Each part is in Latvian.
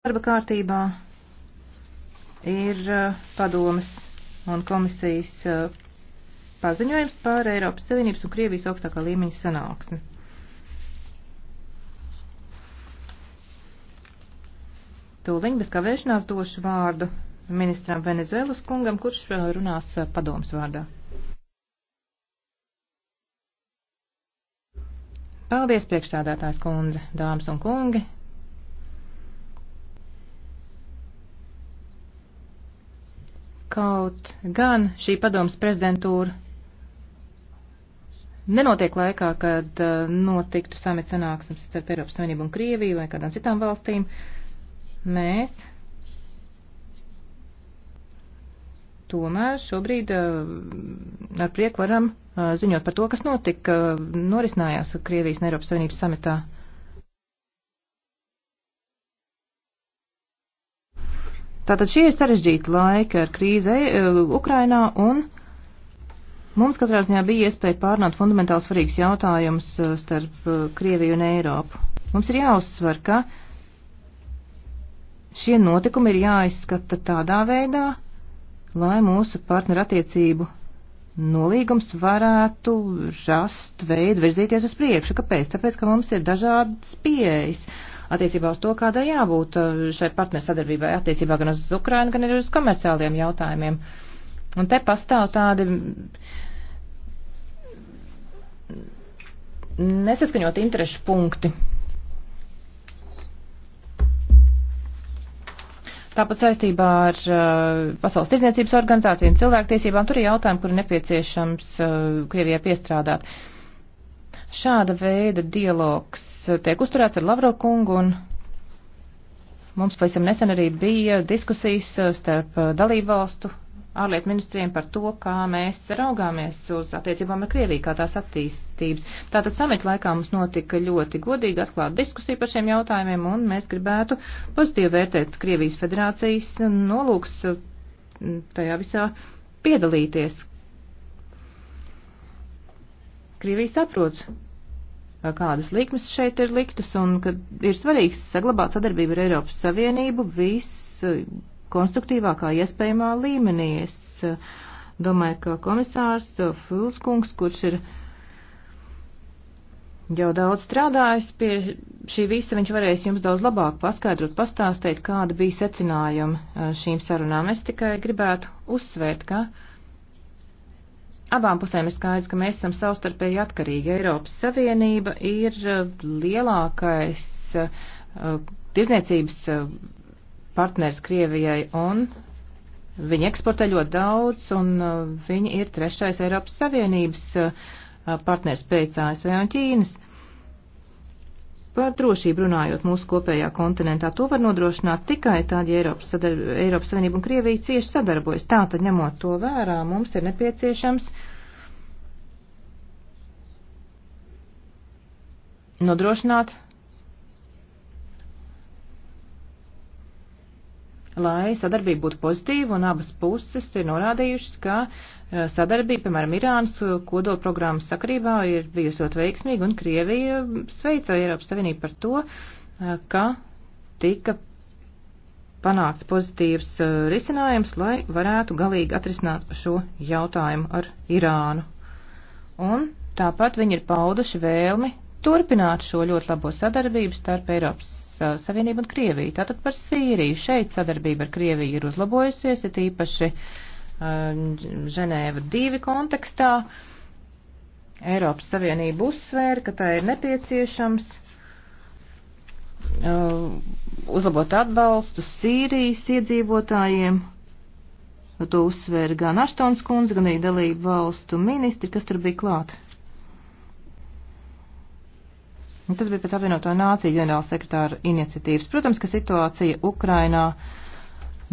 Darba kārtībā ir eh, padomas un komisijas eh, paziņojums par Eiropas Savienības un Krievijas augstākā līmeņa sanāksmi. Tūliņ bez kavēšanās došu vārdu ministram Venezuelas kungam, kurš eh, runās padomas vārdā. Paldies, priekšstādātājs kundze, dāmas un kungi, Kaut gan šī padomas prezidentūra nenotiek laikā, kad uh, notiktu samit sanāksmes starp Eiropas Savienību un Krieviju vai kādām citām valstīm, mēs tomēr šobrīd uh, ar prieku varam uh, ziņot par to, kas notika, norisinājās Krievijas un Eiropas Savienības samitā. Tātad šie ir sarežģīti laiki ar krīze eh, Ukrainā un mums katrā ziņā bija iespēja pārnāt fundamentāli svarīgs jautājums eh, starp eh, Krieviju un Eiropu. Mums ir jāuzsver, ka šie notikumi ir jāizskata tādā veidā, lai mūsu partnerattiecību nolīgums varētu rast veidu virzīties uz priekšu. Kāpēc? Tāpēc, ka mums ir dažādas pieejas. Uh, attiecībā uz to, kādai jābūt uh, šai partnersadarbībai attiecībā gan uz Ukrainu, gan arī uz komerciāliem jautājumiem. Un te pastāv tādi nesaskaņot interešu punkti. Tāpat saistībā ar uh, Pasaules tirdzniecības organizāciju un cilvēktiesībām tur ir jautājumi, kur ir nepieciešams uh, Krievijai piestrādāt. Uh, Šāda veida dialogs tiek uzturēts ar Lavro kungu un mums pavisam nesen arī bija diskusijas starp uh, dalību valstu ārlietu ministriem par to, kā mēs raugāmies uz attiecībām ar Krieviju, kā tās attīstības. Tātad samita laikā mums notika ļoti godīga atklāta diskusija par šiem jautājumiem, un mēs gribētu pozitīvi vērtēt Krievijas federācijas nolūks uh, tajā visā piedalīties, Krievija saprot, kādas likmes šeit ir liktas un ka ir svarīgs saglabāt sadarbību ar Eiropas Savienību viskonstruktīvākā iespējamā līmenī. Es eh, domāju, ka komisārs eh, Fulskungs, kurš ir jau daudz strādājis pie šī visa, viņš varēs jums daudz labāk paskaidrot, pastāstīt, kāda bija secinājuma eh, šīm sarunām. Es tikai gribētu uzsvērt, ka abām pusēm ir skaidrs, ka mēs esam savstarpēji atkarīgi. Eiropas Savienība ir uh, lielākais uh, uh, tirzniecības partners Krievijai un viņi eksportē ļoti daudz un viņi ir trešais Eiropas Savienības partners pēc ASV un Ķīnas. Par drošību runājot mūsu kopējā kontinentā, to var nodrošināt tikai tad, ja Eiropas, sadar... Eiropas Savienība un Krievija cieši sadarbojas. Tātad, ņemot to vērā, mums ir nepieciešams nodrošināt lai sadarbība būtu pozitīva, un abas puses ir norādījušas, ka eh, sadarbība, piemēram, Irānas eh, kodola programmas sakarībā ir bijusi ļoti veiksmīga, un Krievija sveica Eiropas Savienību par to, eh, ka tika panākts pozitīvs risinājums, lai varētu galīgi atrisināt šo jautājumu ar Irānu. Un tāpat viņi ir pauduši vēlmi turpināt šo ļoti labo sadarbību starp Eiropas Uh, Savienību un Krieviju. Tātad par Sīriju. Šeit sadarbība ar Krieviju ir uzlabojusies, ir īpaši uh, Ženēva divi kontekstā. Eiropas Savienība uzsvēra, ka tā ir nepieciešams uh, uzlabot atbalstu Sīrijas iedzīvotājiem. To uzsvēra gan Aštons kundze, gan arī dalību valstu ministri, kas tur bija klāt. Tas bija pēc apvienoto nāciju ģenerāla sekretāra iniciatīvas. Protams, ka situācija Ukrainā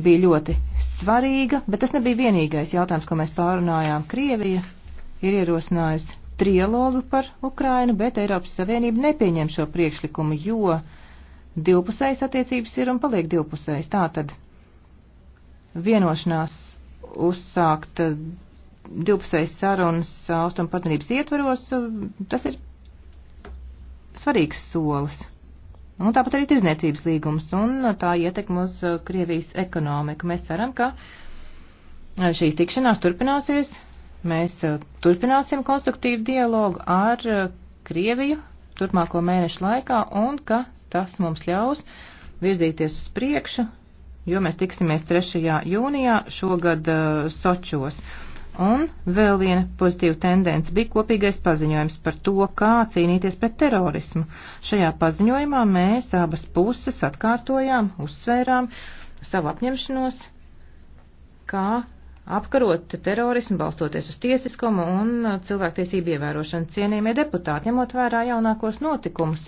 bija ļoti svarīga, bet tas nebija vienīgais jautājums, ko mēs pārunājām. Krievija ir ierosinājusi trialogu par Ukrainu, bet Eiropas Savienība nepieņem šo priekšlikumu, jo divpusējas attiecības ir un paliek divpusējas. Tātad vienošanās uzsākt divpusējas sarunas austrumu partnerības ietvaros, tas ir svarīgs solis. Un tāpat arī tirzniecības līgums un tā ietekma uz uh, Krievijas ekonomiku. Mēs ceram, ka uh, šīs tikšanās turpināsies. Mēs uh, turpināsim konstruktīvu dialogu ar Krieviju turpmāko mēnešu laikā un ka tas mums ļaus virzīties uz priekšu, jo mēs tiksimies 3. jūnijā šogad Sočos. Un vēl viena pozitīva tendence bija kopīgais paziņojums par to, kā cīnīties pret terorismu. Šajā paziņojumā mēs abas puses atkārtojām, uzsvērām savu apņemšanos, kā apkarot terorismu balstoties uz tiesiskumu un cilvēktiesību ievērošanu cienījumie deputāti, ņemot vērā jaunākos notikumus.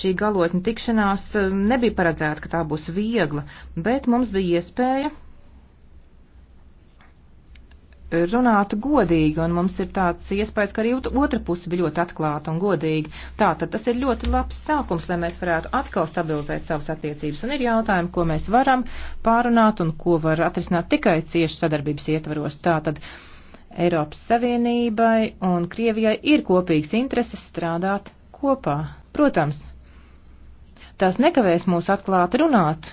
Šī galotņa tikšanās nebija paredzēta, ka tā būs viegla, bet mums bija iespēja runātu godīgi, un mums ir tāds iespējas, ka arī otra puse bija ļoti atklāta un godīga. Tātad tas ir ļoti labs sākums, lai mēs varētu atkal stabilizēt savas attiecības, un ir jautājumi, ko mēs varam pārunāt un ko var atrisināt tikai cieši sadarbības ietvaros. Tātad Eiropas Savienībai un Krievijai ir kopīgs intereses strādāt kopā. Protams, tās nekavēs mūs atklāt runāt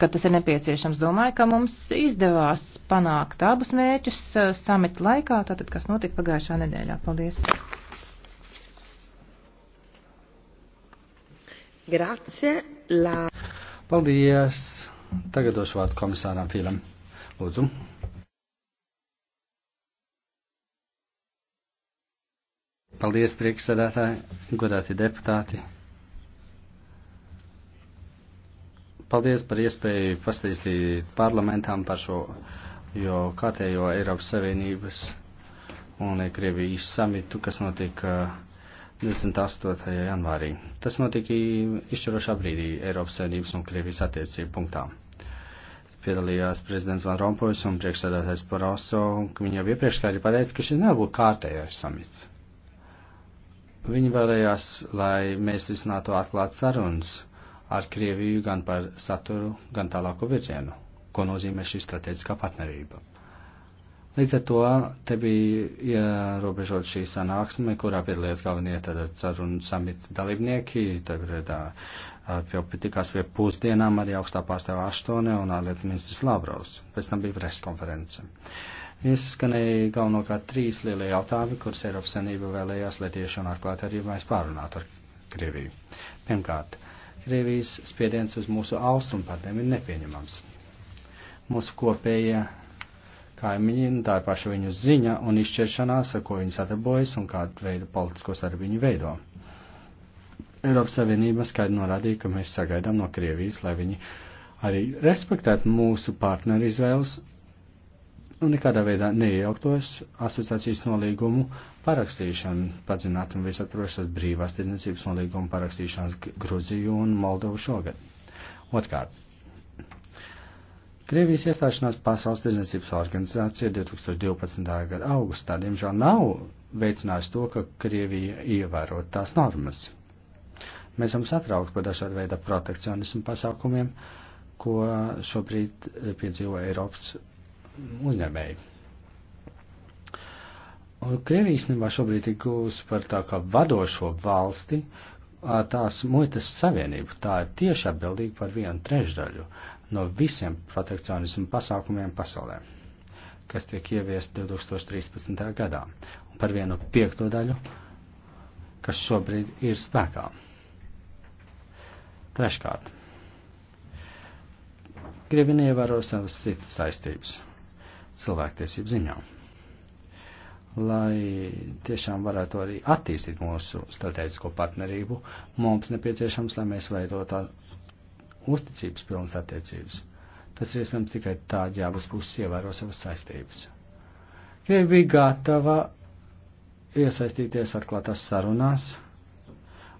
ka tas ir nepieciešams. Domāju, ka mums izdevās panākt abus mērķus uh, samita laikā, tātad kas notika pagājušā nedēļā. Paldies! Grazie! La... Paldies! Tagad došu vārdu komisāram Filam. Lūdzu. Paldies, priekšsēdētāji, godāti deputāti. Paldies par iespēju pastāstīt parlamentām par šo jo kārtējo Eiropas Savienības un Krievijas samitu, kas notika 28. Uh, janvārī. Tas notika izšķirošā brīdī Eiropas Savienības un Krievijas attiecību punktā. Piedalījās prezidents Van Rompuis un priekšsēdētājs Paroso, ka viņi jau iepriekš skaidri pateica, ka šis nebūtu kārtējais samits. Viņi vēlējās, lai mēs risinātu atklāt sarunas ar Krieviju gan par saturu, gan tālāko virzienu, ko nozīmē šī strateģiskā partnerība. Līdz ar to te bija ierobežot šī sanāksme, kurā piedalījās galvenie tātad sarunu samita dalībnieki, tagad jau tikās pie pusdienām arī augstā pārstāvā Aštone un ārlietu ministrs Lavrovs, pēc tam bija preskonference. Izskanēja galvenokārt trīs lielie jautājumi, kurus Eiropas Sanība vēlējās, lai tieši un atklāti arī mēs pārunātu ar Krieviju. Pirmkārt, uh, Krievijas spiediens uz mūsu austrumu partneriem ir nepieņemams. Mūsu kopējie kaimiņi, tā ir paša viņu ziņa un izšķiršanās, ar ko viņi sadarbojas un kādu veidu politiskos ar viņu veido. Eiropas Savienība skaidri norādīja, ka mēs sagaidām no Krievijas, lai viņi arī respektētu mūsu partneru izvēles un nekādā veidā neiejauktos asociācijas nolīgumu parakstīšanu padzināt un visatprošas brīvās tirdzniecības nolīguma parakstīšanas Gruziju un Moldovu šogad. Otkārt, Krievijas iestāšanās Pasaules tirdzniecības organizācija 2012. gada augustā, diemžēl, nav veicinājusi to, ka Krievija ievērot tās normas. Mēs esam satraukti par dažādu veidu protekcionismu pasākumiem, ko šobrīd piedzīvo Eiropas uzņēmēji. Krievija īstenībā šobrīd ir kļūst par tā kā vadošo valsti tās muitas savienību. Tā ir tieši atbildīga par vienu trešdaļu no visiem protekcionismu pasākumiem pasaulē, kas tiek ieviest 2013. gadā, un par vienu piekto daļu, kas šobrīd ir spēkā. Treškārt, Krievija neievēro savas citas saistības cilvēktiesību ziņā lai tiešām varētu arī attīstīt mūsu strateģisko partnerību, mums nepieciešams, lai mēs veidotu uzticības pilnas attiecības. Tas ir iespējams tikai tad, ja abas puses ievēro savas saistības. Krievija bija gatava iesaistīties atklātās sarunās,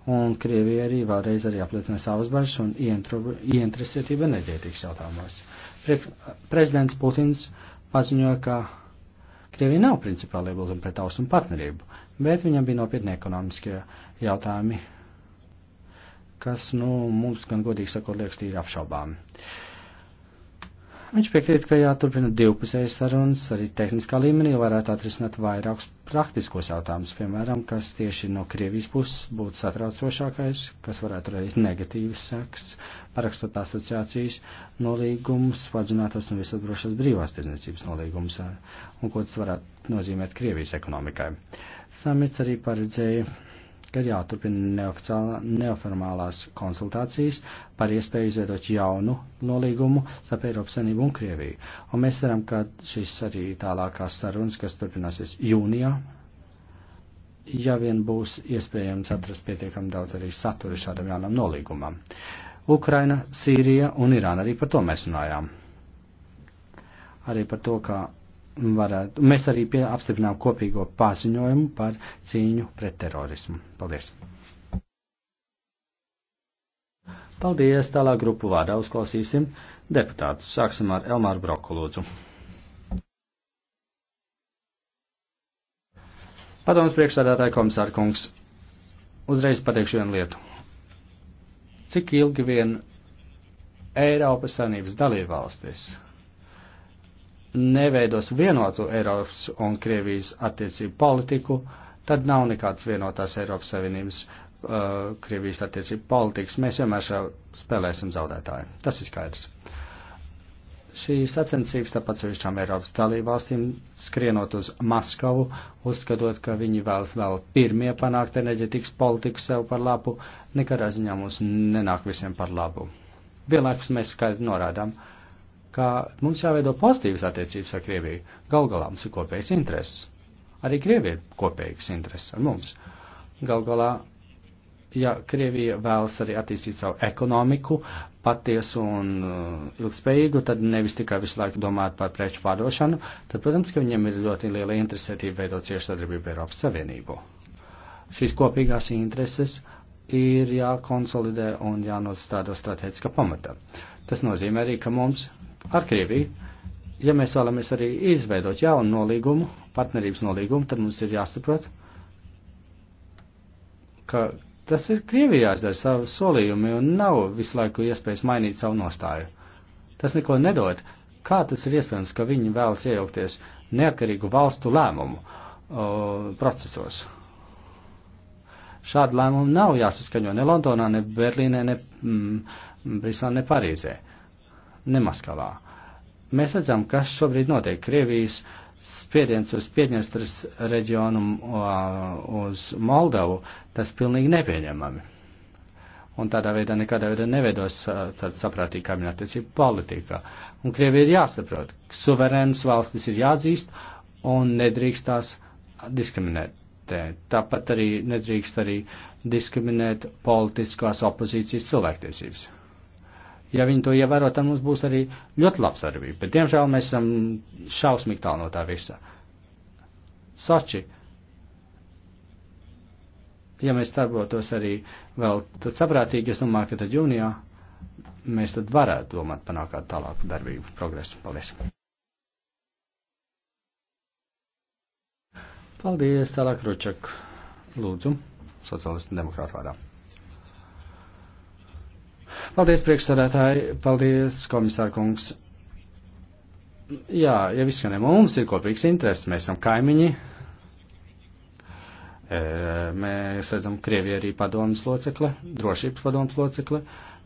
un Krievija arī vēlreiz arī apliecina savas bažas un ieinteresētību enerģētikas jautājumos. Pre prezidents Putins paziņoja, ka Krievija nav principāli iebildumi pret austrumu partnerību, bet viņam bija nopietni ekonomiskie jautājumi, kas, nu, mums gan godīgi sakot, liekas tīri apšaubāmi. Viņš piekrīt, ka jāturpina divpusējas sarunas arī tehniskā līmenī, varētu atrisināt vairākus praktiskos jautājumus, piemēram, kas tieši no Krievijas puses būtu satraucošākais, kas varētu radīt negatīvas seks, parakstot asociācijas nolīgumus, padzinātos un visatbrošas brīvās tirdzniecības nolīgumus, un ko tas varētu nozīmēt Krievijas ekonomikai. Samits arī paredzēja ka ir jāturpina neoformālās konsultācijas par iespēju izveidot jaunu nolīgumu starp Eiropas Savienību un Krieviju. Un mēs ceram, ka šis arī tālākās sarunas, kas turpināsies jūnijā, ja vien būs iespējams atrast pietiekami daudz arī satura šādam jaunam nolīgumam. Ukraina, Sīrija un Irāna arī par to mēs runājām. Arī par to, ka varētu, mēs arī pie, apstiprinām kopīgo paziņojumu par cīņu pret terorismu. Paldies! Paldies! Tālāk grupu vārdā uzklausīsim deputātus. Sāksim ar Elmāru Broku lūdzu. Padoms priekšsādātāja komisāra kungs, uzreiz pateikšu vienu lietu. Cik ilgi vien Eiropas Sanības dalībvalstis neveidos vienotu Eiropas un Krievijas attiecību politiku, tad nav nekāds vienotās Eiropas Savienības uh, Krievijas attiecību politikas. Mēs vienmēr šā spēlēsim zaudētāju. Tas ir skaidrs. Šī sacensības tāpat sevišķām Eiropas dalībvalstīm skrienot uz Maskavu, uzskatot, ka viņi vēlas vēl pirmie panākt enerģetikas politiku sev par labu, nekādā ziņā mums nenāk visiem par labu. Vienlaikus mēs skaidri norādām, uh, ka mums jāveido pozitīvas attiecības ar Krieviju. Gal galā mums ir kopīgs intereses. Arī Krievija ir kopīgs intereses ar mums. Gal galā, ja Krievija vēlas arī attīstīt savu ekonomiku patiesu un uh, ilgspējīgu, tad nevis tikai visu laiku domāt par preču pārdošanu, tad, protams, ka viņiem ir ļoti liela interesētība veidot ciešu sadarbību Eiropas Savienību. Šīs kopīgās intereses ir jākonsolidē un jānostāda strateģiska pamata. Tas nozīmē arī, ka mums ar Krieviju, ja mēs vēlamies arī izveidot jaunu nolīgumu, partnerības nolīgumu, tad mums ir jāsaprot, ka tas ir Krievijā aizdara savu solījumu un nav visu laiku iespējas mainīt savu nostāju. Tas neko nedod. Kā tas ir iespējams, ka viņi vēlas iejaukties neatkarīgu valstu lēmumu o, procesos? Šādu lēmumu nav jāsaskaņo ne Londonā, ne Berlīnē, ne mm, Briselē, ne Parīzē. Uh, ne Maskavā. Mēs redzam, kas šobrīd notiek Krievijas spiediens uz Piedņestras reģionu, uh, uz Moldavu, tas pilnīgi nepieņemami. Un tādā veidā nekādā veidā neveidos uh, tāda saprātīga kaimiņa attiecība politika. Un Krievija ir jāsaprot, ka suverēnas valstis ir jāatzīst un nedrīkst tās diskriminēt. Tāpat arī nedrīkst arī diskriminēt politiskās opozīcijas cilvēktiesības. Ja viņi to ievēro, tad mums būs arī ļoti labs darbība. Bet, diemžēl, mēs esam šausmīgi tālu no tā visa. Soči, ja mēs darbotos arī vēl tad saprātīgi, es domāju, ka tad jūnijā mēs tad varētu domāt panākt kādu tālāku darbību, progresu. Paldies! Paldies, tālāk Ručak. Lūdzu, sociālistu demokrātu vārdā. Paldies, priekšsādātāji, paldies, komisārkungs. Jā, ja viskaniem mums ir kopīgs interesi, mēs esam kaimiņi. E, mēs redzam, Krievija arī padomas locekle, drošības padomas locekle.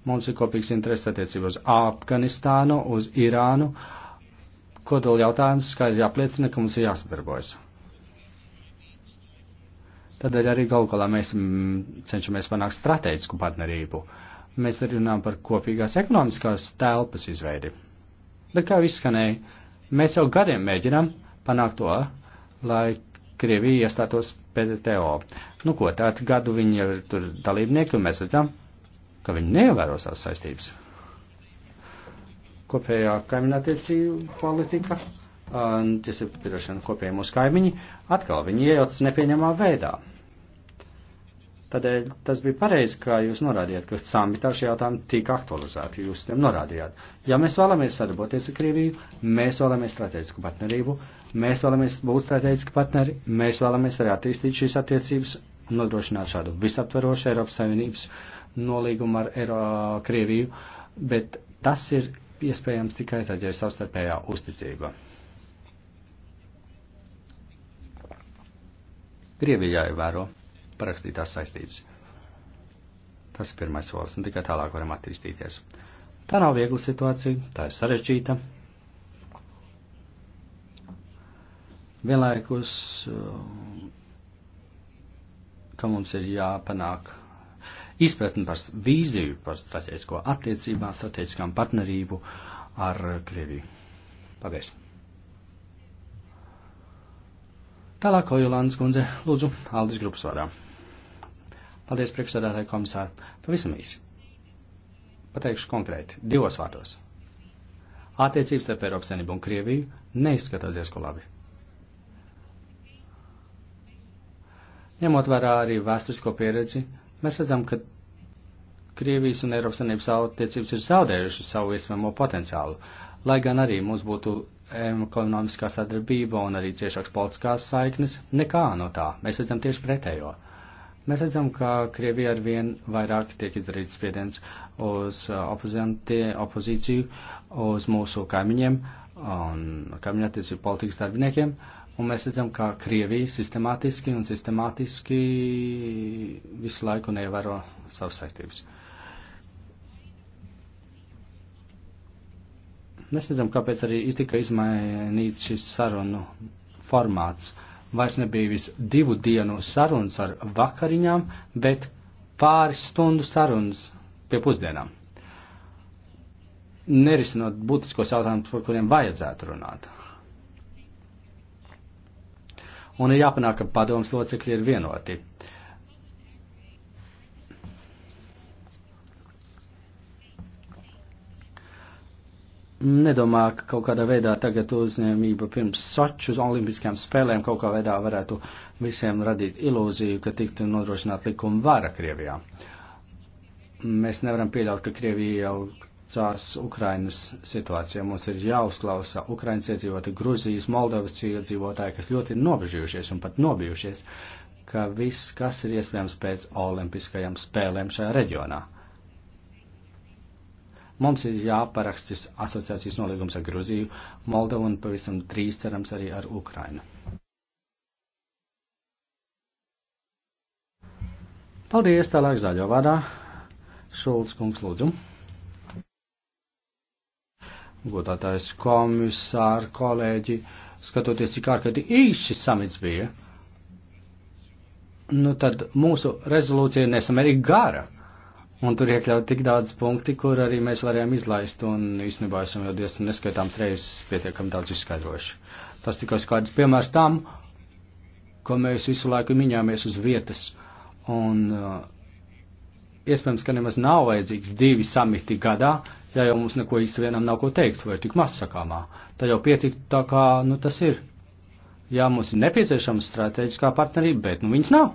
Mums ir kopīgs interesi attiecībā uz Afganistānu, uz Irānu. Kodola jautājums skaidri apliecina, ka mums ir jāsadarbojas. Tādēļ arī galu galā mēs m, mm, cenšamies panākt strateģisku partnerību. Uh, mēs arī runājam par kopīgās ekonomiskās telpas izveidi. Bet kā jau izskanēja, mēs jau gadiem mēģinām panākt to, lai Krievija iestātos PTO. Nu ko, tātad gadu viņi jau ir tur dalībnieki, un mēs redzam, ka viņi neievēro savas saistības. Kopējā kaimiņattiecību politika, tas ir pirošana kopēji mūsu kaimiņi, atkal viņi iejaucas nepieņemā veidā. Tādēļ tas bija pareizi, kā jūs norādījāt, ka samitā šie jautājumi tika aktualizēti, jūs tiem norādījāt. Ja mēs vēlamies sadarboties ar Krieviju, mēs vēlamies strateģisku partnerību, mēs vēlamies būt strateģiski partneri, mēs vēlamies arī attīstīt šīs attiecības, nodrošināt šādu visaptverošu Eiropas Savienības nolīgumu ar Eiro Krieviju, bet tas ir iespējams tikai tad, ja ir savstarpējā uzticība. Krievijā ievēro parakstītās saistības. Tas ir pirmais solis, un tikai tālāk varam attīstīties. Tā nav viegla situācija, tā ir sarežģīta. Vienlaikus, uh, ka mums ir jāpanāk izpratni par vīziju, par strateģisko attiecībām, strateģiskām partnerību ar Krieviju. Paldies! Tālāk, Ojulāns kundze, lūdzu, Aldis grupas vārā. Paldies, priekšsēdētāji komisāri. Pavisam īsi. Pateikšu konkrēti, divos vārdos. Attiecības starp Eiropas Savienību un Krieviju neizskatās diezko labi. Ņemot vērā arī vēsturisko pieredzi, mēs redzam, ka Krievijas un Eiropas Savienības attiecības ir zaudējušas savu iespējamo potenciālu, lai gan arī mums būtu ekonomiskā sadarbība un arī ciešāks politiskās saiknes, nekā no tā. Mēs redzam tieši pretējo. Mēs redzam, ka Krievija ar vien vairāk tiek izdarīts spiediens uz uh, opozīciju, uz mūsu kaimiņiem un kaimiņu attiecību politikas darbiniekiem, un mēs redzam, ka Krievija sistemātiski un sistemātiski visu laiku neievēro savas saistības. Mēs redzam, kāpēc arī iztika izmainīts šis sarunu formāts. Uh, vairs nebija vis divu dienu sarunas ar vakariņām, bet pāris stundu sarunas pie pusdienām. Nerisinot būtiskos jautājumus, par kuriem vajadzētu runāt. Un ir jāpanāk, ka padomas locekļi ir vienoti. nedomā, ka kaut kādā veidā tagad uzņēmība pirms soču uz olimpiskām spēlēm kaut kā veidā varētu visiem radīt ilūziju, ka tiktu nodrošināt likuma vara Krievijā. Mēs nevaram pieļaut, ka Krievija jau cās Ukrainas situācijā. Mums ir jāuzklausa Ukrainas iedzīvotāji, Gruzijas, Moldovas iedzīvotāji, kas ļoti ir nobežījušies un pat nobijušies, ka viss, kas ir iespējams pēc olimpiskajām spēlēm šajā reģionā. Mums ir jāparakstis asociācijas nolīgums ar Gruziju, Moldovu un pavisam drīz cerams arī ar Ukrainu. Paldies, tālāk zaļo vārdā. Šulc kungs lūdzu. Godātais komisāri, kolēģi, skatoties, cik ārkārtīgi īsi šis samits bija, nu tad mūsu rezolūcija nesamērīgi gara. Un tur iekļaut tik daudz punkti, kur arī mēs varējām izlaist, un īstenībā esam jau diezgan neskaitāms reizes pietiekami daudz izskaidrojuši. Tas tikai kāds piemērs tam, ko mēs visu laiku miņāmies uz vietas. Un uh, iespējams, ka nemaz nav vajadzīgs divi samiti gadā, ja jau mums neko īsti vienam nav ko teikt, vai tik maz sakāmā. Tā jau pietik tā kā, nu tas ir. Jā, mums ir nepieciešama strateģiskā partnerība, bet nu viņas nav.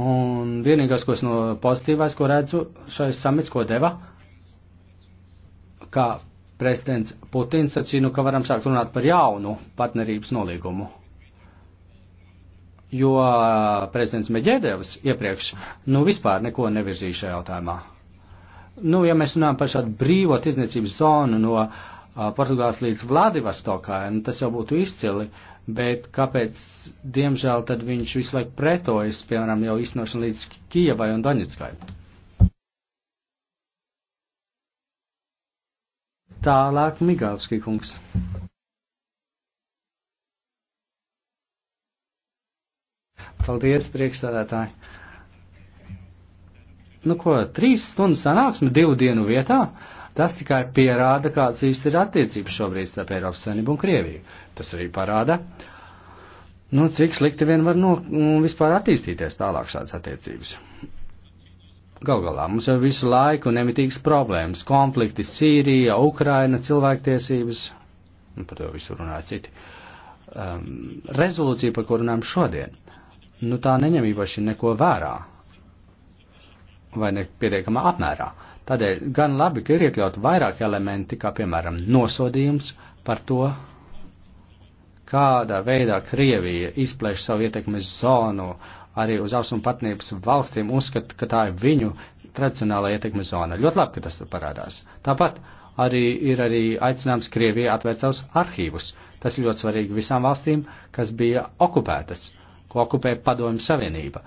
Un vienīgais, ko es no pozitīvais, ko redzu šais samits, ko deva, kā prezidents Putins sacīja, nu, ka varam sākt runāt par jaunu partnerības nolīgumu jo prezidents Meģēdevs iepriekš nu vispār neko nevirzīja šajā jautājumā. Nu, ja mēs runājam par šādu brīvo tirdzniecības zonu no Portugāles līdz Vladivostokai, nu, tas jau būtu izcili, bet kāpēc, diemžēl, tad viņš visu laiku pretojas, piemēram, jau iznošana līdz Kijavai un Doņetskai? Tālāk Migālski kungs. Paldies, priekšsādātāji. Nu ko, trīs stundas sanāksme divu dienu vietā? Uh, Tas tikai pierāda, kāds īsti ir attiecības šobrīd starp Eiropas Savienību un Krieviju. Tas arī parāda, nu, cik slikti vien var no, nu, vispār attīstīties tālāk šādas attiecības. Gal galā mums jau visu laiku nemitīgas problēmas, konflikti Sīrija, Ukraina, cilvēktiesības, un nu, par to visu runāja citi. Um, rezolūcija, par ko runājam šodien, nu tā neņem īpaši neko vērā vai nepietiekamā apmērā. Uh, Tādēļ gan labi, ka ir iekļaut vairāk elementi, kā piemēram nosodījums par to, kādā veidā Krievija izplēš savu ietekmes zonu arī uz austrumu partnerības valstīm, uzskata, ka tā ir viņu tradicionāla ietekmes zona. Ļoti labi, ka tas tur parādās. Tāpat arī ir arī aicinājums Krievijai atvērt savus arhīvus. Tas ir ļoti svarīgi visām valstīm, kas bija okupētas, ko okupēja Padomju Savienība.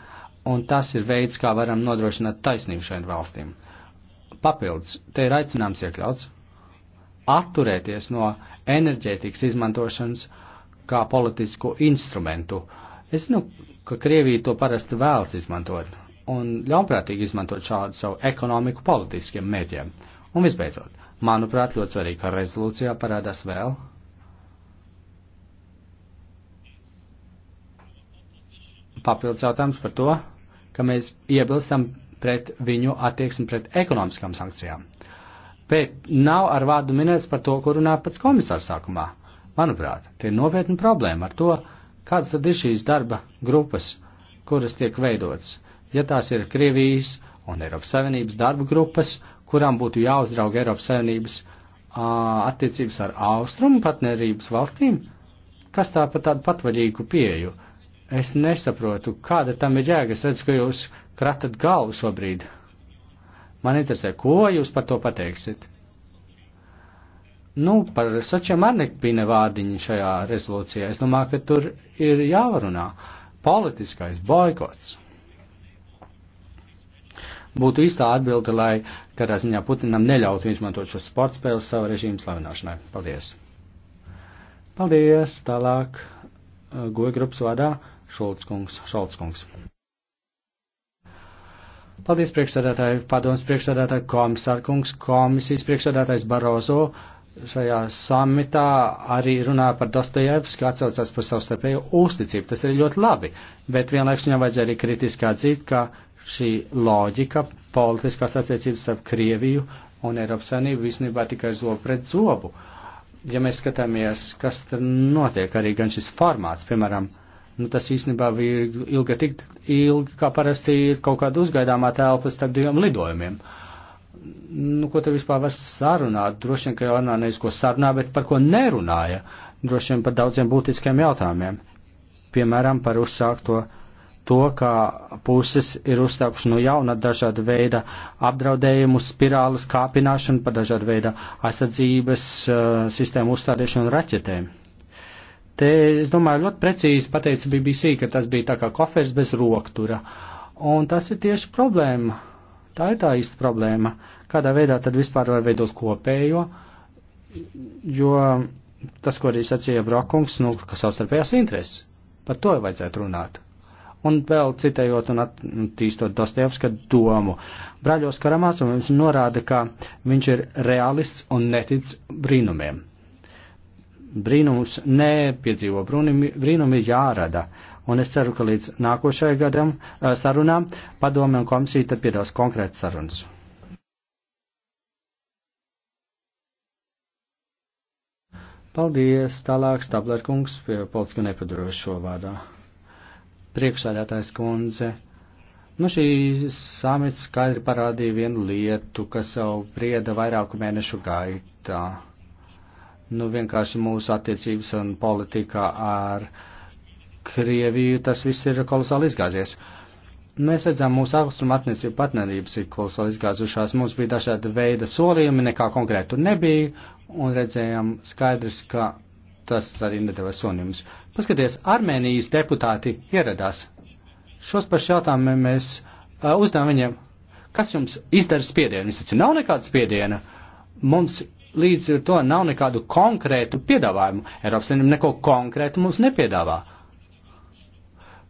Un tas ir veids, kā varam nodrošināt taisnību šiem valstīm papildus, te ir aicinājums iekļauts atturēties no enerģētikas izmantošanas kā politisku instrumentu. Es zinu, ka Krievija to parasti vēlas izmantot un ļaunprātīgi izmantot šādu savu ekonomiku politiskiem mēķiem. Un visbeidzot, manuprāt, ļoti svarīgi, ka rezolūcijā parādās vēl. Papildus jautājums par to, ka mēs iebilstam pret viņu attieksmi pret ekonomiskām sankcijām. Bet nav ar vārdu minēts par to, ko runā pats komisārs sākumā. Manuprāt, tie ir nopietna problēma ar to, kādas tad ir šīs darba grupas, kuras tiek veidotas. Ja tās ir Krievijas un Eiropas Savienības darba grupas, kurām būtu jāuzdrauga Eiropas Savienības ā, attiecības ar austrumu partnerības valstīm, kas tā par tādu patvaļīgu pieju. Es nesaprotu, kāda tam ir jēga. Es redzu, ka jūs kratat galvu šobrīd. Man interesē, ko jūs par to pateiksiet? Nu, par sočiem arī nebija vārdiņi šajā rezolūcijā. Es domāju, ka tur ir jāvarunā politiskais boikots. Būtu īstā atbilde, lai kādā ziņā Putinam neļautu izmantot šo sporta spēli savu režīmu slavināšanai. Paldies! Paldies! Tālāk, eh, goja grupas vadā, Šolts kungs. Šolts kungs. Paldies priekšsēdētāji, padoms priekšsēdētāji Komisārkungs, komisijas priekšsēdētājs Barozo šajā samitā arī runā par Dostojevski, atsaucās par savstarpēju uzticību. Tas ir ļoti labi, bet vienlaikus viņam vajadzēja arī kritiski atzīt, ka šī loģika politiskās attiecības starp Krieviju un Eiropas Savienību visnībā tikai zobu pret zobu. Ja mēs skatāmies, kas tur notiek, arī gan šis formāts, piemēram, nu, tas īstenībā bija ilga tik ilgi, kā parasti ir kaut kāda uzgaidāmā telpa starp diviem lidojumiem. Nu, ko te vispār var sarunāt? Droši vien, ka jau runā nevis ko sarunā, bet par ko nerunāja. Droši vien par daudziem būtiskiem jautājumiem. Piemēram, par uzsākto to, kā puses ir uzstākuši no jauna dažāda veida apdraudējumu, spirāles kāpināšanu, par dažāda veida aizsardzības uh, sistēmu uzstādīšanu raķetēm. Te, es domāju, ļoti precīzi pateica BBC, ka tas bija tā kā kofers bez roktura. Un tas ir tieši problēma. Tā ir tā īsta problēma. Kādā veidā tad vispār var veidot kopējo, jo tas, ko arī sacīja Brokungs, nu, ka savstarpējās intereses. Par to vajadzētu runāt. Un vēl citējot un attīstot Dostojevska domu. Braļos Karamās mums norāda, ka viņš ir realists un netic brīnumiem. Brīnums nepiedzīvo, brīnumi ir jārada. Un es ceru, ka līdz nākošajai gadam sarunām padome un komisija tad piedos konkrētas sarunas. Paldies, tālāk Stablerkungs, politiski nepadarošo vārdā. Priekšsādātājs kundze. Nu, šī samits skaidri parādīja vienu lietu, kas jau prieda vairāku mēnešu gaitā nu, vienkārši mūsu attiecības un politika ar Krieviju, tas viss ir kolosāli izgāzies. Mēs redzam, mūsu austrumu attiecību partnerības ir kolosāli izgāzušās. Mums bija dažādi veidi solījumi, nekā konkrētu nebija, un redzējām skaidrs, ka tas arī nedeva sonjumus. Paskaties, Armēnijas deputāti ieradās. Šos pašus jautājumus mēs uh, uzdevām viņiem, kas jums izdara spiedienu? Viņš taču nav nekāda spiediena. Mums Līdz ar to nav nekādu konkrētu piedāvājumu. Eiropas Savienība neko konkrētu mums nepiedāvā.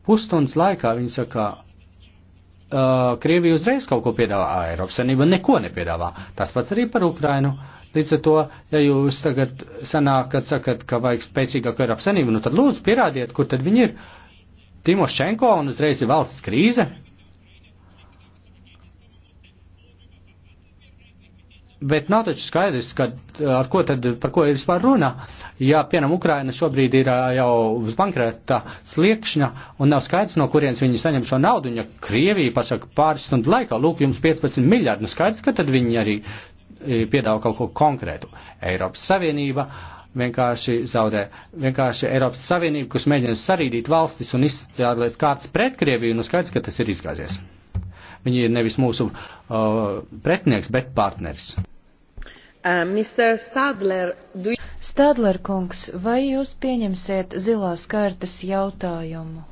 Pusstundas laikā viņi saka, uh, Krievija uzreiz kaut ko piedāvā, Eiropas Savienība neko nepiedāvā. Tas pats arī par Ukrainu. Līdz ar to, ja jūs tagad sanākat, sakat, ka vajag spēcīgāku Eiropas Savienību, nu tad lūdzu pierādiet, kur tad viņi ir. Timošenko un uzreiz ir valsts krīze. Bet nav taču skaidrs, ka, ar ko tad, par ko ir vispār runa. Ja, piemēram, Ukraina šobrīd ir jau uz bankrēta sliekšņa un nav skaidrs, no kurienes viņi saņem šo naudu, un ja Krievija pasaka pāris stundu laikā, lūk, jums 15 miljārdi, nu skaidrs, ka tad viņi arī piedāvā kaut ko konkrētu. Eiropas Savienība vienkārši zaudē. Vienkārši Eiropas Savienība, kas mēģina sarīdīt valstis un izstrādāt kārtas pret Krieviju, nu skaidrs, ka tas ir izgāzies. Viņi ir nevis mūsu uh, pretinieks, bet partneris. Uh, Stadler, you... Stadler kungs, vai jūs pieņemsiet zilās kartas jautājumu?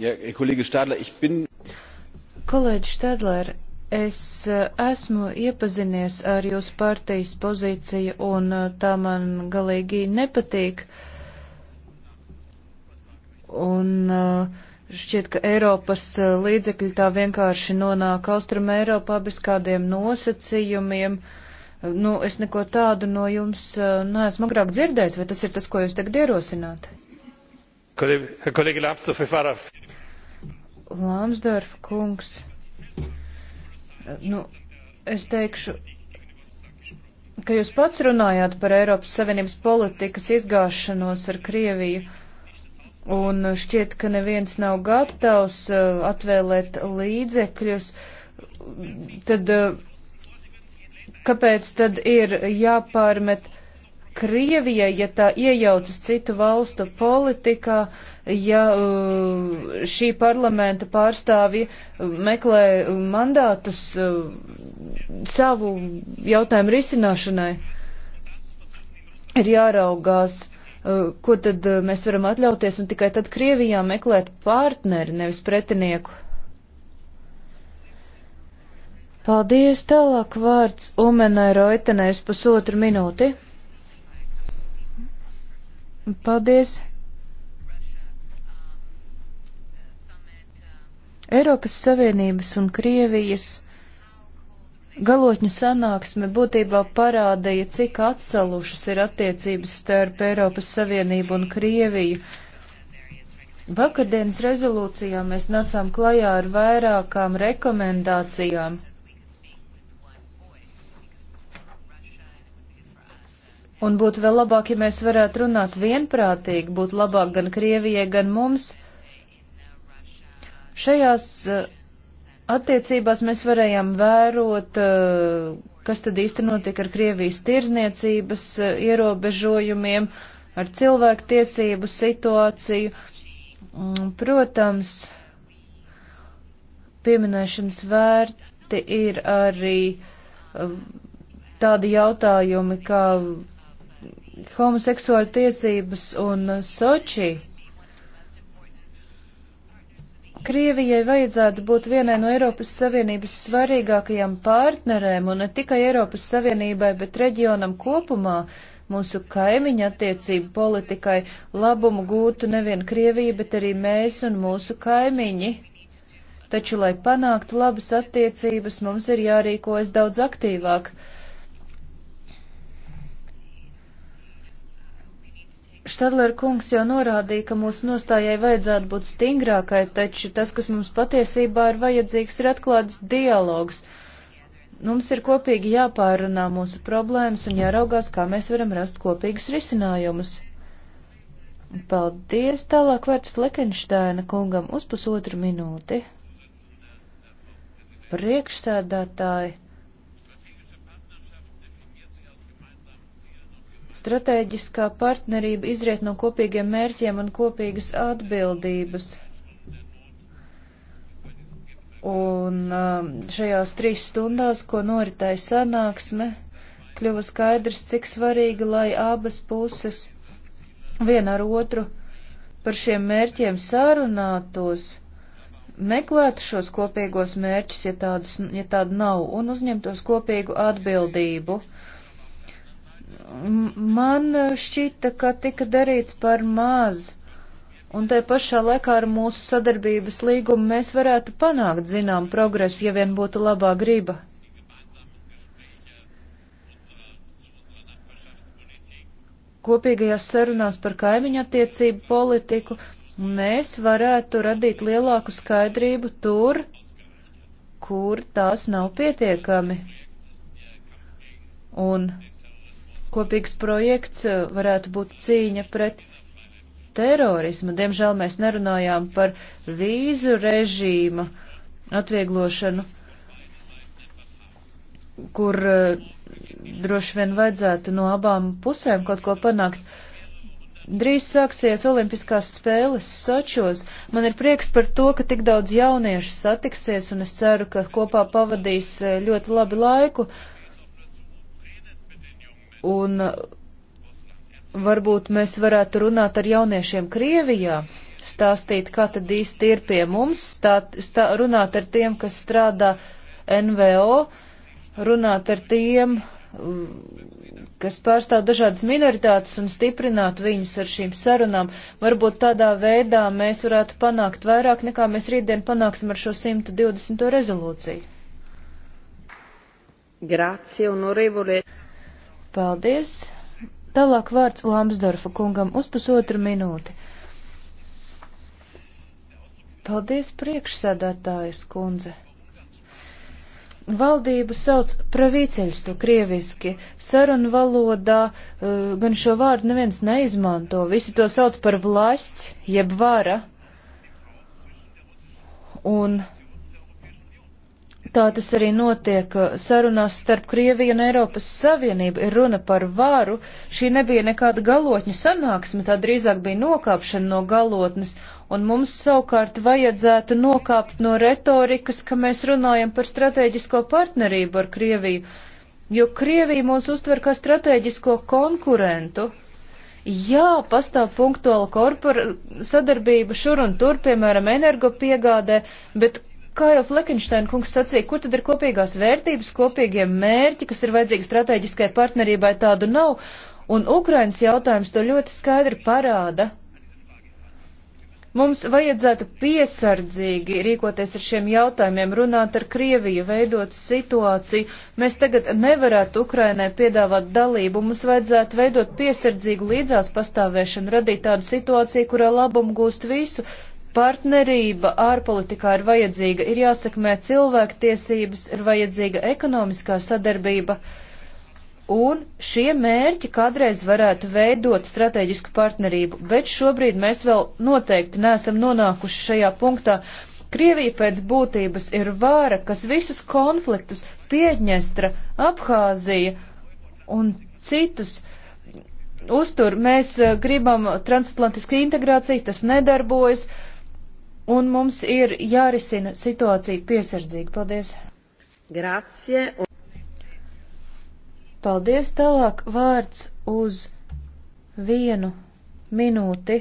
Ja, kolēģi Stadler, ich bin... Kolēģi Stadler, es uh, esmu iepazinies ar jūsu partijas pozīciju un uh, tā man galīgi nepatīk. Un uh, Šķiet, ka Eiropas uh, līdzekļi tā vienkārši nonāk Austrum Eiropā bez kādiem nosacījumiem. Uh, Nu, es neko tādu no jums uh, neesmu agrāk dzirdējis, vai tas ir tas, ko jūs tagad ierosināt? Kolēģi Lāmsdorf, Fāraf. Lāmsdorf, kungs. Nu, es teikšu, ka jūs pats runājāt par Eiropas Savienības politikas izgāšanos ar Krieviju. Un šķiet, ka neviens nav gatavs uh, atvēlēt līdzekļus. Tad uh, Kāpēc tad ir jāpārmet Krievijai, ja tā iejaucas citu valstu politikā, ja uh, šī parlamenta pārstāvja uh, meklē mandātus uh, savu jautājumu risināšanai? Ir jāraugās, ko tad mēs varam atļauties un tikai tad Krievijā meklēt partneri, nevis pretinieku. Paldies, tālāk vārds Umenai Roitenēs pusotru minūti. Paldies. Eiropas Savienības un Krievijas galotņu sanāksme būtībā parādīja, cik atsalušas ir attiecības starp Eiropas Savienību un Krieviju. Vakardienas rezolūcijā mēs nācām klajā ar vairākām rekomendācijām Un būtu vēl labāk, ja mēs varētu runāt vienprātīgi, būtu labāk gan Krievijai, gan mums. Šajās eh, attiecībās mēs varējām vērot, eh, kas tad īsti notika ar Krievijas tirzniecības eh, ierobežojumiem, ar cilvēku tiesību situāciju. Mm, protams, pieminēšanas vērti ir arī tādi jautājumi, kā homoseksuāļu tiesības un Soči. Krievijai vajadzētu būt vienai no Eiropas Savienības svarīgākajām partnerēm, un ne tikai Eiropas Savienībai, bet reģionam kopumā, mūsu kaimiņa attiecību politikai labumu gūtu nevien Krievija, bet arī mēs un mūsu kaimiņi. Taču, lai panāktu labas attiecības, mums ir jārīkojas daudz aktīvāk. Štadler kungs jau norādīja, ka mūsu nostājai vajadzētu būt stingrākai, taču tas, kas mums patiesībā ir vajadzīgs, ir atklāts dialogs. Mums ir kopīgi jāpārunā mūsu problēmas un jāraugās, kā mēs varam rast kopīgus risinājumus. Paldies, tālāk vērts Flekenšteina kungam uz pusotru minūti. Priekšsēdētāji. Stratēģiskā partnerība izriet no kopīgiem mērķiem un kopīgas atbildības. Un um, šajās trīs stundās, ko noritāja sanāksme, kļuva skaidrs, cik svarīgi, lai abas puses viena ar otru par šiem mērķiem sārunātos, meklētu šos kopīgos mērķus, ja, tādus, ja tādu nav, un uzņemtos kopīgu atbildību. Uh, Man šķita, ka tika darīts par maz, un tai pašā laikā ar mūsu sadarbības līgumu mēs varētu panākt zinām progresu, ja vien būtu labā griba. Kopīgajās sarunās par kaimiņu attiecību politiku mēs varētu radīt lielāku skaidrību tur, kur tās nav pietiekami. Un kopīgs projekts eh, varētu būt cīņa pret terorismu. Diemžēl mēs nerunājām par vīzu režīmu atvieglošanu, kur eh, droši vien vajadzētu no abām pusēm kaut ko panākt. Drīz sāksies Olimpiskās spēles Sočos. Man ir prieks par to, ka tik daudz jauniešu satiksies, un es ceru, ka kopā pavadīs eh, ļoti labi laiku. Uh, Un varbūt mēs varētu runāt ar jauniešiem Krievijā, stāstīt, kā tad īsti ir pie mums, stāt, stā, runāt ar tiem, kas strādā NVO, runāt ar tiem, kas pārstāv dažādas minoritātes un stiprināt viņus ar šīm sarunām. Varbūt tādā veidā mēs varētu panākt vairāk nekā mēs rītdien panāksim ar šo 120. rezolūciju. Grazie, onorevole. Paldies! Tālāk vārds Lamsdorfa kungam uz pusotru minūti. Paldies priekšsēdētājas kundze. Valdību sauc pravīceļstu krieviski, sarunu valodā eh, gan šo vārdu neviens neizmanto, visi to sauc par vlasts, jeb vara. Un Tā tas arī notiek sarunās starp Krieviju un Eiropas Savienību. Ir runa par varu. Šī nebija nekāda galotņu sanāksme, tā drīzāk bija nokāpšana no galotnes, un mums savukārt vajadzētu nokāpt no retorikas, ka mēs runājam par strateģisko partnerību ar Krieviju, jo Krievija mūs uztver kā strateģisko konkurentu. Jā, pastāv punktuāla korpora sadarbība šur un tur, piemēram, energopiegādē, bet kā jau Flekenšteina kungs sacīja, kur tad ir kopīgās vērtības, kopīgie mērķi, kas ir vajadzīgi strateģiskai partnerībai, tādu nav, un Ukrainas jautājums to ļoti skaidri parāda. Mums vajadzētu piesardzīgi rīkoties ar šiem jautājumiem, runāt ar Krieviju, veidot situāciju. Mēs tagad nevarētu Ukrainai piedāvāt dalību, mums vajadzētu veidot piesardzīgu līdzās pastāvēšanu, radīt tādu situāciju, kurā labumu gūst visu Partnerība ārpolitikā ir vajadzīga, ir jāsakmē cilvēktiesības, ir vajadzīga ekonomiskā sadarbība, un šie mērķi kādreiz varētu veidot strateģisku partnerību, bet šobrīd mēs vēl noteikti neesam nonākuši šajā punktā. Krievija pēc būtības ir vāra, kas visus konfliktus, Piedņestra, Abhāzija un citus uztur. Mēs eh, gribam transatlantisku integrāciju, tas nedarbojas. Uh, un mums ir jārisina situācija piesardzīgi. Paldies! Grācie! Paldies! Tālāk vārds uz vienu minūti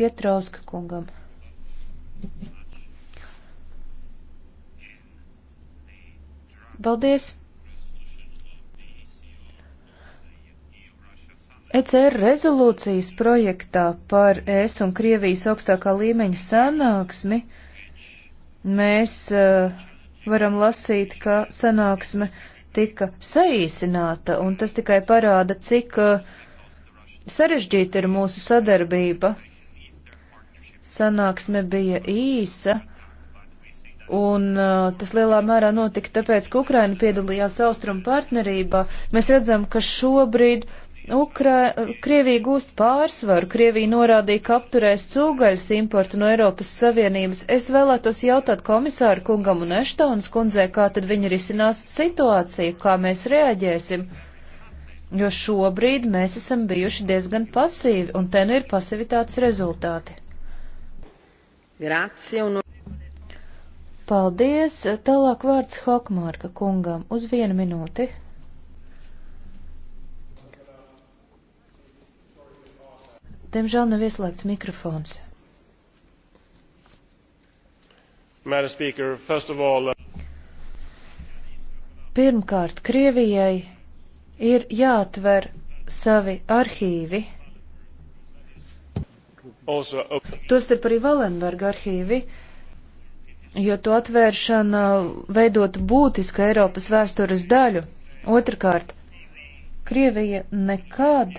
Pietrauska kungam. Paldies! ECR rezolūcijas projektā par ES un Krievijas augstākā līmeņa sanāksmi mēs uh, varam lasīt, ka sanāksme tika saīsināta, un tas tikai parāda, cik uh, sarežģīta ir mūsu sadarbība. Sanāksme bija īsa, un uh, tas lielā mērā notika tāpēc, ka Ukraina piedalījās austrumu partnerībā. Mēs redzam, ka šobrīd uh, Ukra... Krievija gūst pārsvaru, Krievija norādīja, ka apturēs cūgaļas importu no Eiropas Savienības. Es vēlētos jautāt komisāru kungam un Eštaunas kundzē, kā tad viņi risinās situāciju, kā mēs reaģēsim, jo šobrīd mēs esam bijuši diezgan pasīvi, un te nu ir pasivitātes rezultāti. Grazie un... Paldies, tālāk vārds Hokmārka kungam uz vienu minūti. Diemžēl nav ieslēgts mikrofons. Speaker, all... Uh, Pirmkārt, Krievijai ir jāatver savi arhīvi, okay. tostarp arī Valenberga arhīvi, jo to atvēršana veidot būtisku Eiropas vēstures daļu. Otrakārt, Krievija nekad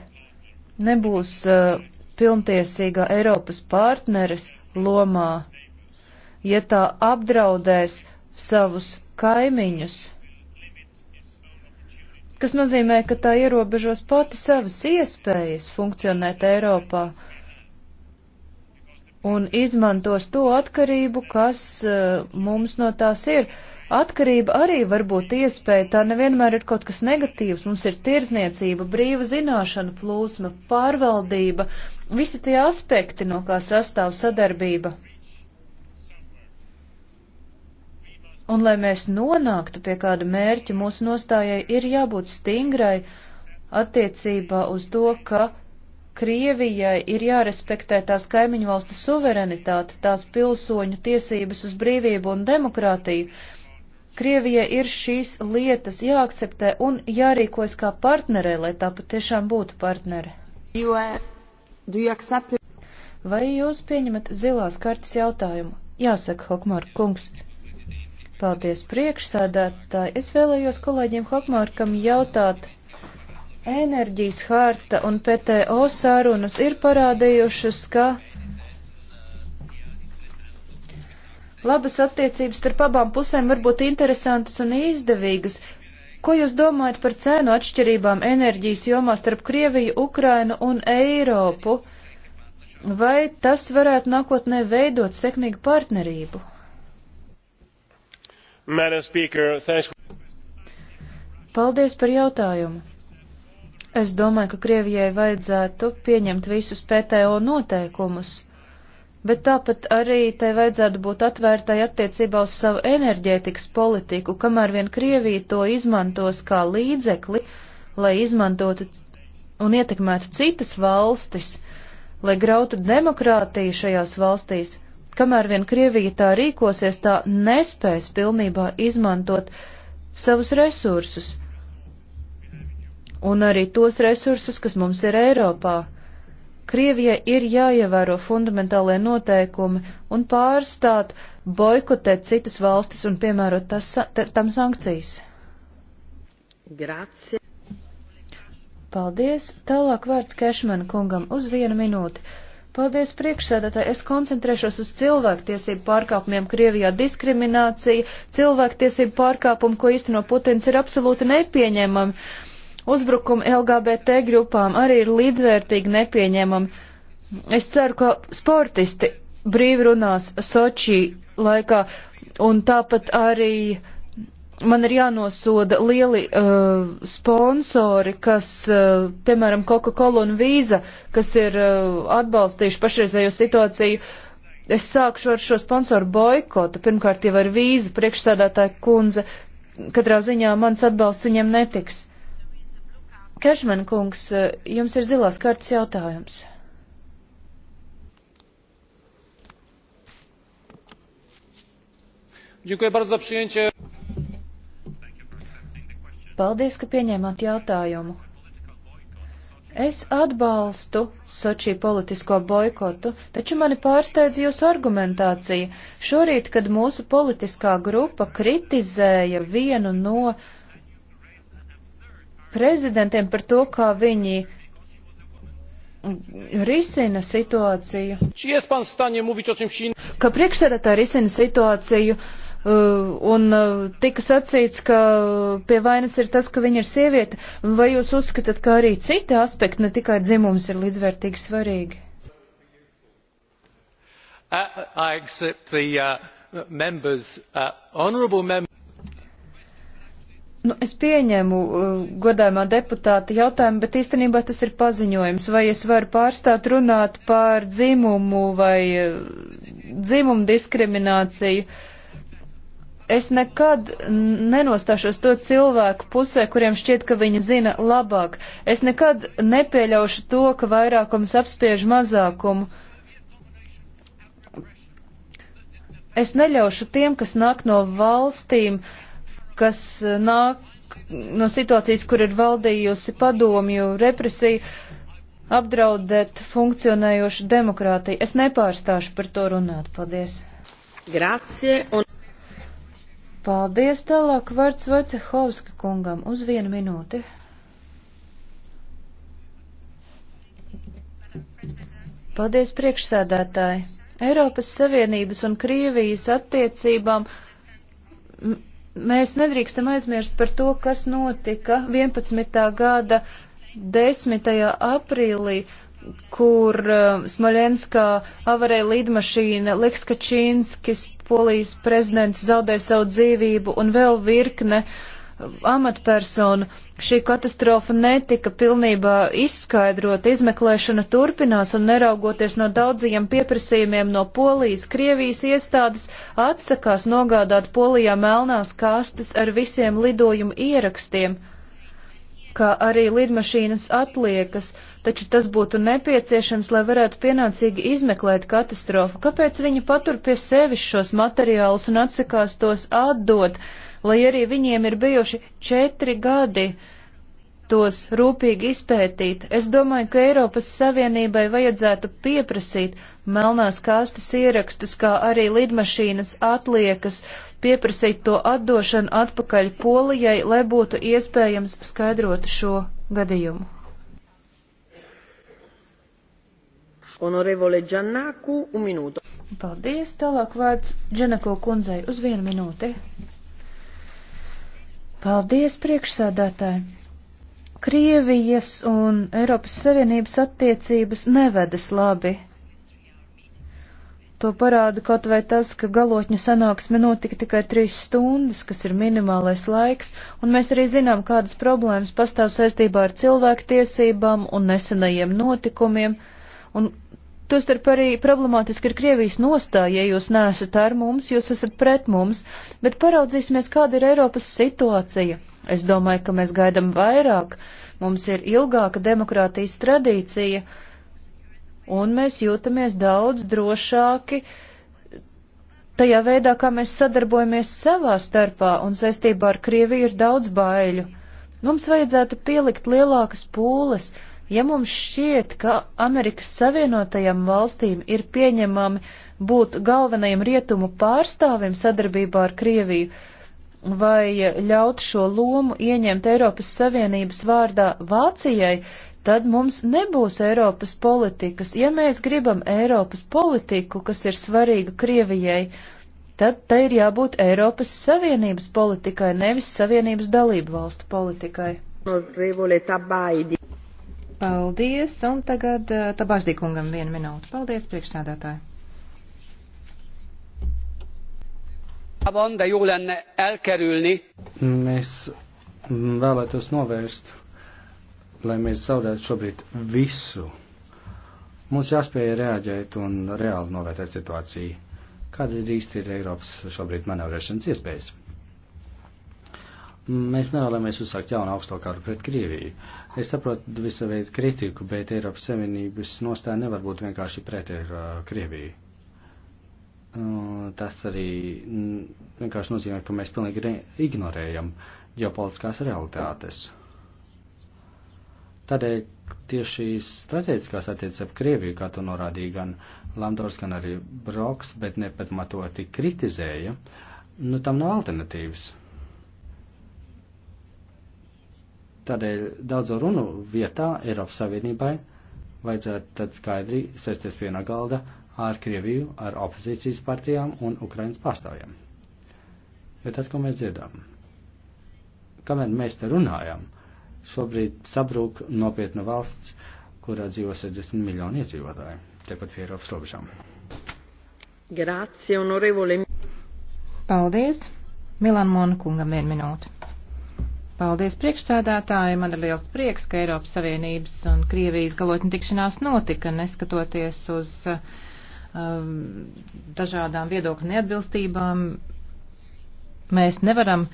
nebūs uh, pilntiesīgā Eiropas partneres lomā, ja tā apdraudēs savus kaimiņus, kas nozīmē, ka tā ierobežos pati savas iespējas funkcionēt Eiropā un izmantos to atkarību, kas uh, mums no tās ir. Uh, Atkarība arī var būt iespēja, tā nevienmēr ir kaut kas negatīvs. Mums ir tirdzniecība, brīva zināšana plūsma, pārvaldība, visi tie aspekti, no kā sastāv sadarbība. Un, lai mēs nonāktu pie kāda mērķa, mūsu nostājai ir jābūt stingrai attiecībā uz to, ka Krievijai ir jārespektē tās kaimiņu valstu suverenitāte, tās pilsoņu tiesības uz brīvību un demokrātiju Krievija ir šīs lietas jāakceptē un jārīkojas kā partnerē, lai tā patiešām būtu partnere. Uh, Vai jūs pieņemat zilās kartas jautājumu? Jāsaka, Hokmār kungs. Paldies priekšsādātāji. Es vēlējos kolēģiem Hokmārkam jautāt. Enerģijas harta un PTO sarunas ir parādījušas, ka Labas attiecības starp abām pusēm var būt interesantas un izdevīgas. Ko jūs domājat par cēnu atšķirībām enerģijas jomā starp Krieviju, Ukrainu un Eiropu? Vai tas varētu nākotnē veidot sekmīgu partnerību? Speaker, Paldies par jautājumu. Es domāju, ka Krievijai vajadzētu pieņemt visus PTO noteikumus bet tāpat arī tai vajadzētu būt atvērtai attiecībā uz savu enerģētikas politiku, kamēr vien Krievija to izmantos kā līdzekli, lai izmantotu un ietekmētu citas valstis, lai grautu demokrātiju šajās valstīs, kamēr vien Krievija tā rīkosies, tā nespēs pilnībā izmantot savus resursus un arī tos resursus, kas mums ir Eiropā. Krievijai ir jāievēro fundamentālajie noteikumi un pārstāt boikotēt citas valstis un piemērot tas, tam sankcijas. Grazie. Paldies. Tālāk vārds Kešmena kungam uz vienu minūti. Paldies priekšsēdētāji. Es koncentrēšos uz cilvēktiesību pārkāpumiem Krievijā. Diskriminācija, cilvēktiesību pārkāpumi, ko īsteno Putins, ir absolūti nepieņemami. Uzbrukumi LGBT grupām arī ir līdzvērtīgi nepieņemami. Es ceru, ka sportisti brīvi runās Sočī laikā, un tāpat arī man ir jānosoda lieli uh, sponsori, kas, uh, piemēram, Coca-Cola un Vīza, kas ir uh, atbalstījuši pašreizējo situāciju. Es sākšu ar šo sponsoru boikotu, pirmkārt jau ar Vīzu priekšsēdētāju kundze. Katrā ziņā mans atbalsts viņiem netiks. Uh, Kešman kungs, eh, jums ir zilās kartas jautājums. Paldies, ka pieņēmāt jautājumu. Es atbalstu Sočī politisko boikotu, taču mani pārsteidz jūsu argumentācija. Šorīt, kad mūsu politiskā grupa kritizēja vienu no uh, prezidentiem par to, kā viņi risina situāciju. Ka priekšsēdētāji risina situāciju. Uh, un uh, tika sacīts, ka pie vainas ir tas, ka viņa ir sieviete. Vai jūs uzskatāt, ka arī citi aspekti, ne tikai dzimums, ir līdzvērtīgi svarīgi? Uh, the, uh, members, uh, Nu, es pieņemu uh, godājumā deputāta jautājumu, bet īstenībā tas ir paziņojums. Vai es varu pārstāt runāt par dzimumu vai uh, dzimumu diskrimināciju? Es nekad nenostāšos to cilvēku pusē, kuriem šķiet, ka viņi zina labāk. Es nekad nepieļaušu to, ka vairākums apspiež mazākumu. Es neļaušu tiem, kas nāk no valstīm, uh, kas eh, nāk no situācijas, kur ir valdījusi padomju represija, apdraudēt funkcionējošu demokrātiju. Es nepārstāšu par to runāt. Paldies. Grazie. Un... Paldies tālāk vārds Vecehovska kungam uz vienu minūti. Paldies priekšsēdētāji. Eiropas Savienības un Krievijas attiecībām Mēs nedrīkstam aizmirst par to, kas notika 11. gada 10. aprīlī, kur uh, Smoļenskā avarēja lidmašīna, Lekskačīnskis, polijas prezidents zaudēja savu dzīvību un vēl virkne uh, amatpersonu. Šī katastrofa netika pilnībā izskaidrot, izmeklēšana turpinās un neraugoties no daudzajiem pieprasījumiem no Polijas, Krievijas iestādes atsakās nogādāt Polijā melnās kastes ar visiem lidojumu ierakstiem, kā arī lidmašīnas atliekas, taču tas būtu nepieciešams, lai varētu pienācīgi izmeklēt katastrofu. Kāpēc viņi patur pie sevis šos materiālus un atsakās tos atdot? lai arī viņiem ir bijuši četri gadi tos rūpīgi izpētīt, es domāju, ka Eiropas Savienībai vajadzētu pieprasīt melnās kastes ierakstus, kā arī lidmašīnas atliekas, pieprasīt to atdošanu atpakaļ Polijai, lai būtu iespējams skaidrot šo gadījumu. Honorevole Džanāku, un minūte. Paldies, tālāk vārds Džanako kundzei uz vienu minūti. Paldies, priekšsēdētāji! Krievijas un Eiropas Savienības attiecības nevedas labi. To parāda kaut vai tas, ka galotņu sanāksme notika tikai trīs stundas, kas ir minimālais laiks, un mēs arī zinām, kādas problēmas pastāv saistībā ar cilvēktiesībām un nesenajiem notikumiem, un Tostarp arī problemātiski ir Krievijas nostāja, ja jūs neesat ar mums, jūs esat pret mums, bet paraudzīsimies, kāda ir Eiropas situācija. Es domāju, ka mēs gaidam vairāk, mums ir ilgāka demokrātijas tradīcija, un mēs jūtamies daudz drošāki tajā veidā, kā mēs sadarbojamies savā starpā, un saistībā ar Krieviju ir daudz baiļu. Mums vajadzētu pielikt lielākas pūles, Ja mums šķiet, ka Amerikas Savienotajām valstīm ir pieņemami būt galvenajam rietumu pārstāvim sadarbībā ar Krieviju, vai ļaut šo lomu ieņemt Eiropas Savienības vārdā Vācijai, tad mums nebūs Eiropas politikas. Ja mēs gribam Eiropas politiku, kas ir svarīga Krievijai, tad tai ir jābūt Eiropas Savienības politikai, nevis Savienības dalību valstu politikai. Paldies, un tagad eh, Tabaždīkungam vienu minūtu. Paldies, priekšsādātāji. Van, de jó lenne elkerülni. Mēs vēlētos novērst, lai mēs zaudētu šobrīd visu. Mums jāspēj reaģēt un reāli novērtēt situāciju. Kāda ir īsti ir Eiropas šobrīd manevrēšanas iespējas? Mēs nevēlamies uzsākt jaunu augsto kāru pret Krieviju. Es saprotu visu veidu kritiku, bet Eiropas Savienības nostāja nevar būt vienkārši pret ar, uh, Krieviju. Uh, tas arī vienkārši nozīmē, ka mēs pilnīgi ignorējam ģeopolitiskās realitātes. Tādēļ tieši šīs strateģiskās attiecības ap Krieviju, kā to norādīja gan Lamdors, gan arī Broks, bet nepatmatoti kritizēja, nu tam nav alternatīvas. Tādēļ daudzo runu vietā Eiropas Savienībai vajadzētu tad skaidri sēsties pie viena galda ar Krieviju, ar opozīcijas partijām un Ukrainas pārstāvjiem. Jo tas, ko mēs dzirdam, kamēr mēs te runājam, šobrīd sabrūk nopietna valsts, kurā dzīvo 60 miljoni iedzīvotāji, tepat pie Eiropas robežām. Grācija, honorevoli. Paldies! Milan Monkungam vienu minūti. Paldies priekšsēdētāji. Man ir liels prieks, ka Eiropas Savienības un Krievijas galotņu tikšanās notika, neskatoties uz um, dažādām viedokļu neatbilstībām. Mēs nevaram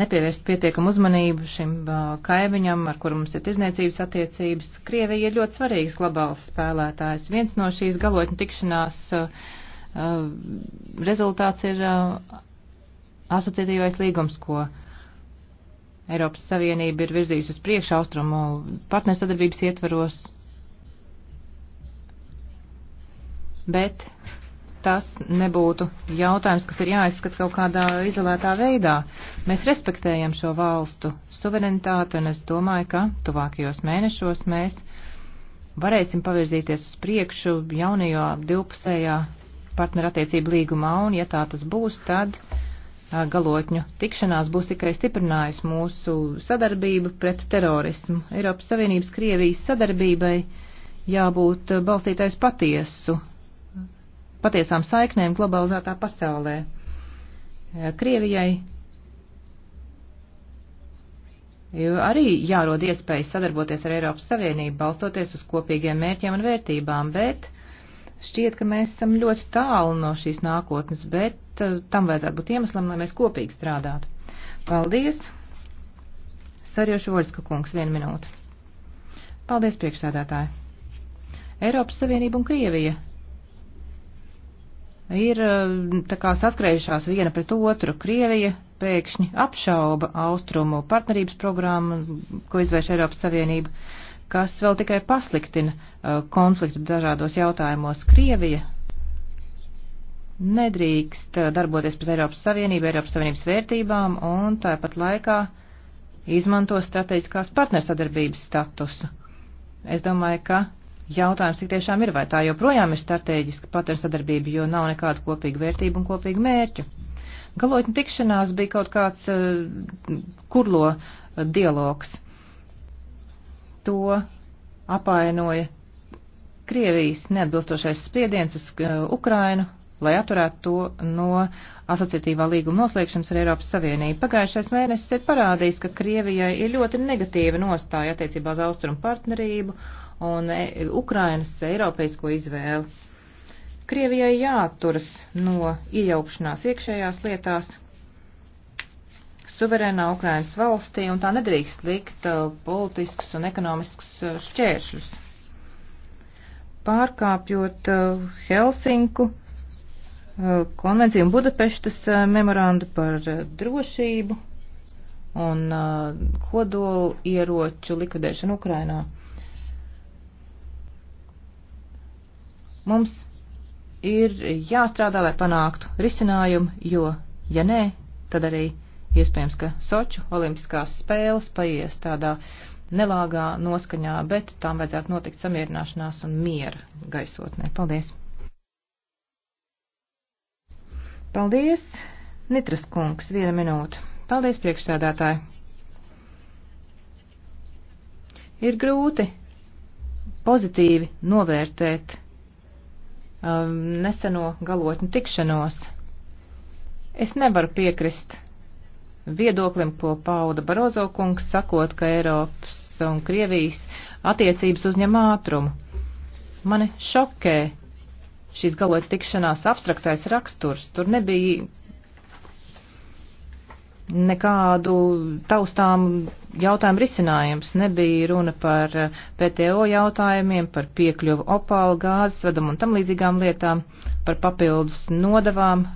nepievērst pietiekamu uzmanību šim uh, kaimiņam, ar kuru mums ir izniecības attiecības. Krievija ir ļoti svarīgs globāls spēlētājs. Viens no šīs galotņu tikšanās uh, uh, rezultāts ir uh, asociatīvais līgums, ko uh, Eiropas Savienība ir virzījusi uz priekšu austrumu partnersadarbības ietvaros, bet tas nebūtu jautājums, kas ir jāizskat kaut kādā izolētā veidā. Mēs respektējam šo valstu suverenitāti, un es domāju, ka tuvākajos mēnešos mēs varēsim pavirzīties uz priekšu jaunajā divpusējā partnerattiecību līgumā, un ja tā tas būs, tad. Uh, galotņu tikšanās būs tikai stiprinājusi mūsu sadarbību pret terorismu. Eiropas Savienības Krievijas sadarbībai jābūt balstītais patiesu, patiesām saiknēm globalizētā pasaulē. Krievijai arī jārod iespējas sadarboties ar Eiropas Savienību, balstoties uz kopīgiem mērķiem un vērtībām, bet Šķiet, ka mēs esam ļoti tālu no šīs nākotnes, bet eh, tam vajadzētu būt iemeslam, lai mēs kopīgi strādātu. Paldies! Sarjošu Voļska kungs, vienu minūti. Paldies, priekšsēdētāji! Eiropas Savienība un Krievija ir eh, tā kā saskrējušās viena pret otru. Krievija pēkšņi apšauba austrumu partnerības programmu, ko izvērš Eiropas Savienība kas vēl tikai pasliktina uh, konfliktu dažādos jautājumos. Krievija nedrīkst uh, darboties pret Eiropas Savienību, Eiropas Savienības vērtībām un tāpat laikā izmanto strateģiskās partnersadarbības statusu. Es domāju, ka jautājums tik tiešām ir, vai tā joprojām ir strateģiska partnersadarbība, jo nav nekādu kopīgu vērtību un kopīgu mērķu. Galotņu tikšanās bija kaut kāds uh, kurlo uh, dialogs. Uh, to apainoja Krievijas neatbilstošais spiediens uz uh, Ukrainu, lai atturētu to no asociatīvā līguma noslēgšanas ar Eiropas Savienību. Pagājušais mēnesis ir parādījis, ka Krievijai ir ļoti negatīva nostāja attiecībā uz austrumu partnerību un e, Ukrainas eiropeisko izvēli. Krievijai jāatturas no iejaukšanās iekšējās lietās, suverēnā Ukrainas valstī, un tā nedrīkst likt uh, politiskus un ekonomiskus uh, šķēršļus. Pārkāpjot uh, Helsinku konvenciju un Budapeštas memorandu par drošību un kodolu ieroču likvidēšanu Ukrainā. Mums ir jāstrādā, lai panāktu risinājumu, jo, ja nē, tad arī uh, Iespējams, ka Soču olimpiskās spēles paies tādā nelāgā noskaņā, bet tām vajadzētu notikt samierināšanās un miera gaisotnē. Paldies! Paldies, Nitras kungs, viena minūte. Paldies, priekšsēdētāji. Ir grūti pozitīvi novērtēt um, neseno galotņu tikšanos. Es nevaru piekrist viedoklim, ko pauda Barozo kungs, sakot, ka Eiropas un Krievijas attiecības uzņem ātrumu. Mani šokē šīs galot tikšanās abstraktais raksturs. Tur nebija nekādu taustām jautājumu risinājums. Nebija runa par PTO jautājumiem, par piekļuvu opālu gāzes vedumu un tam līdzīgām lietām, par papildus nodavām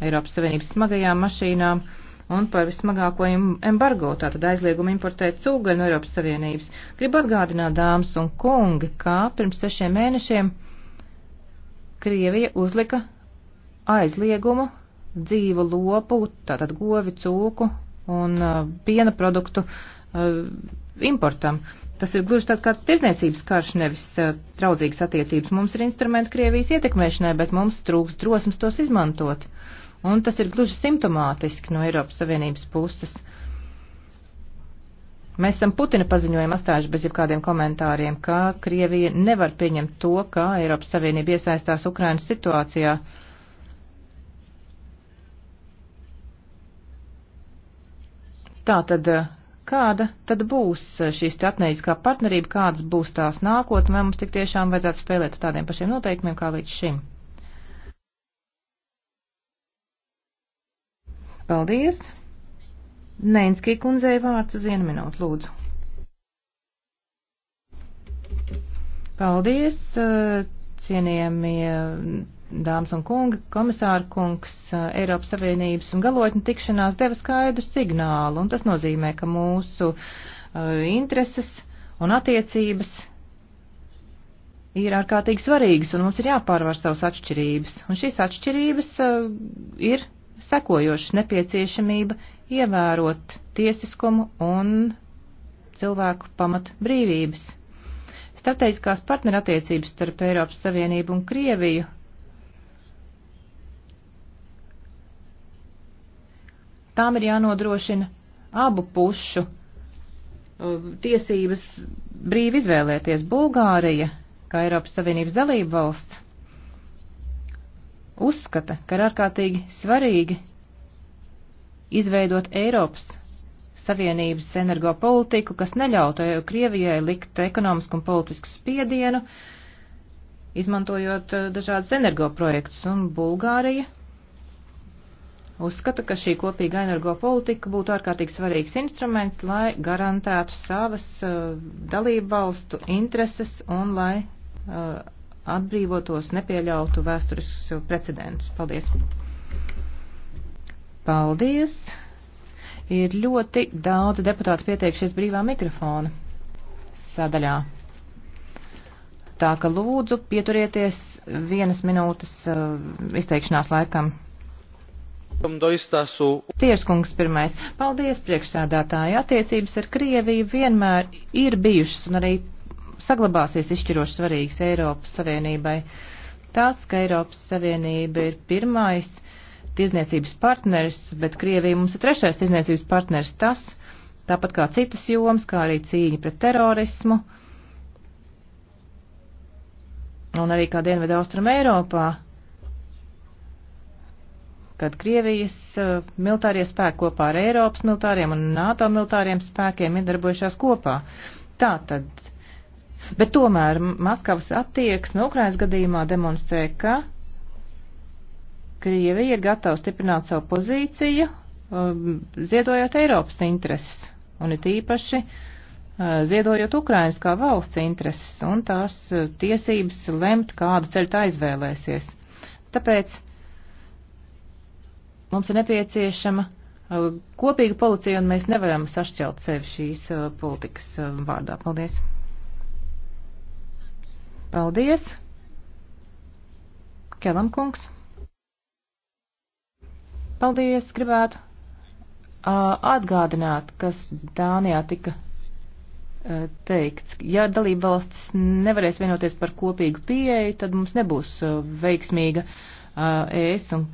Eiropas Savienības smagajām mašīnām. Uh, un par vismagāko embargo, tātad aizliegumu importēt cūgaļu no Eiropas Savienības. Gribu atgādināt, dāmas un kungi, kā pirms sešiem mēnešiem Krievija uzlika aizliegumu dzīvu lopu, tātad govi, cūku un uh, piena produktu uh, importam. Tas ir gluži tāds kā tirdzniecības karš, nevis uh, traudzīgas attiecības. Mums ir instrumenti Krievijas ietekmēšanai, bet mums trūks drosmes tos izmantot. Uh, Un tas ir gluži simptomātiski no Eiropas Savienības puses. Mēs esam Putina paziņojumu atstājuši bez jebkādiem komentāriem, ka Krievija nevar pieņemt to, ka Eiropas Savienība iesaistās Ukrainas situācijā. Tātad, kāda tad būs šī strateģiskā partnerība, kādas būs tās nākotnē, mums tik tiešām vajadzētu spēlēt ar tādiem pašiem noteikumiem kā līdz šim? Paldies! Neinskī kundzei vārds uz vienu minūtu, lūdzu. Paldies, eh, cienījamie dāmas un kungi, komisāra kungs, eh, Eiropas Savienības un galotņu tikšanās deva skaidru signālu, un tas nozīmē, ka mūsu eh, intereses un attiecības ir ārkārtīgi svarīgas, un mums ir jāpārvar savas atšķirības. Un šīs atšķirības ir sekojošas nepieciešamība ievērot tiesiskumu un cilvēku pamat brīvības. Strateģiskās partnerattiecības starp Eiropas Savienību un Krieviju tām ir jānodrošina abu pušu tiesības brīvi izvēlēties Bulgārija, kā Eiropas Savienības dalība valsts, uzskata, ka ir ārkārtīgi svarīgi izveidot Eiropas Savienības energopolitiku, kas neļautu Krievijai likt ekonomisku un politisku spiedienu, izmantojot eh, dažādas energoprojektus, un Bulgārija uzskata, ka šī kopīga energopolitika būtu ārkārtīgi svarīgs instruments, lai garantētu savas uh, dalību valstu intereses un lai uh, atbrīvotos, nepieļautu vēsturiskus precedentus. Paldies! Paldies! Ir ļoti daudz deputātu pieteikšies brīvā mikrofona sadaļā. Tā ka lūdzu pieturieties vienas minūtes uh, izteikšanās laikam. Tieskungs pirmais. Paldies priekšsēdātāji. Attiecības ar Krieviju vienmēr ir bijušas un arī saglabāsies izšķiroši svarīgs Eiropas Savienībai. Tas, ka Eiropas Savienība ir pirmais tirzniecības partners, bet Krievija mums ir trešais tirzniecības partners, tas, tāpat kā citas jomas, kā arī cīņa pret terorismu un arī kā Dienvedu Austrum Eiropā, kad Krievijas uh, militārie spēki kopā ar Eiropas militāriem un NATO militāriem spēkiem ir darbojušās kopā. Tātad Bet tomēr Maskavas attieksme Ukrainas gadījumā demonstrē, ka Krievija ir gatava stiprināt savu pozīciju, um, ziedojot Eiropas intereses un it īpaši uh, ziedojot Ukrainas kā valsts intereses un tās uh, tiesības lemt, kādu ceļu tā izvēlēsies. Tāpēc mums ir nepieciešama uh, kopīga policija un mēs nevaram sašķelt sevi šīs politikas vārdā. Paldies! Paldies! Kelam kungs! Paldies! Gribētu uh, atgādināt, kas Dānijā tika uh, teikts. Ja dalība valstis nevarēs vienoties par kopīgu pieeju, tad mums nebūs uh, veiksmīga uh, ES un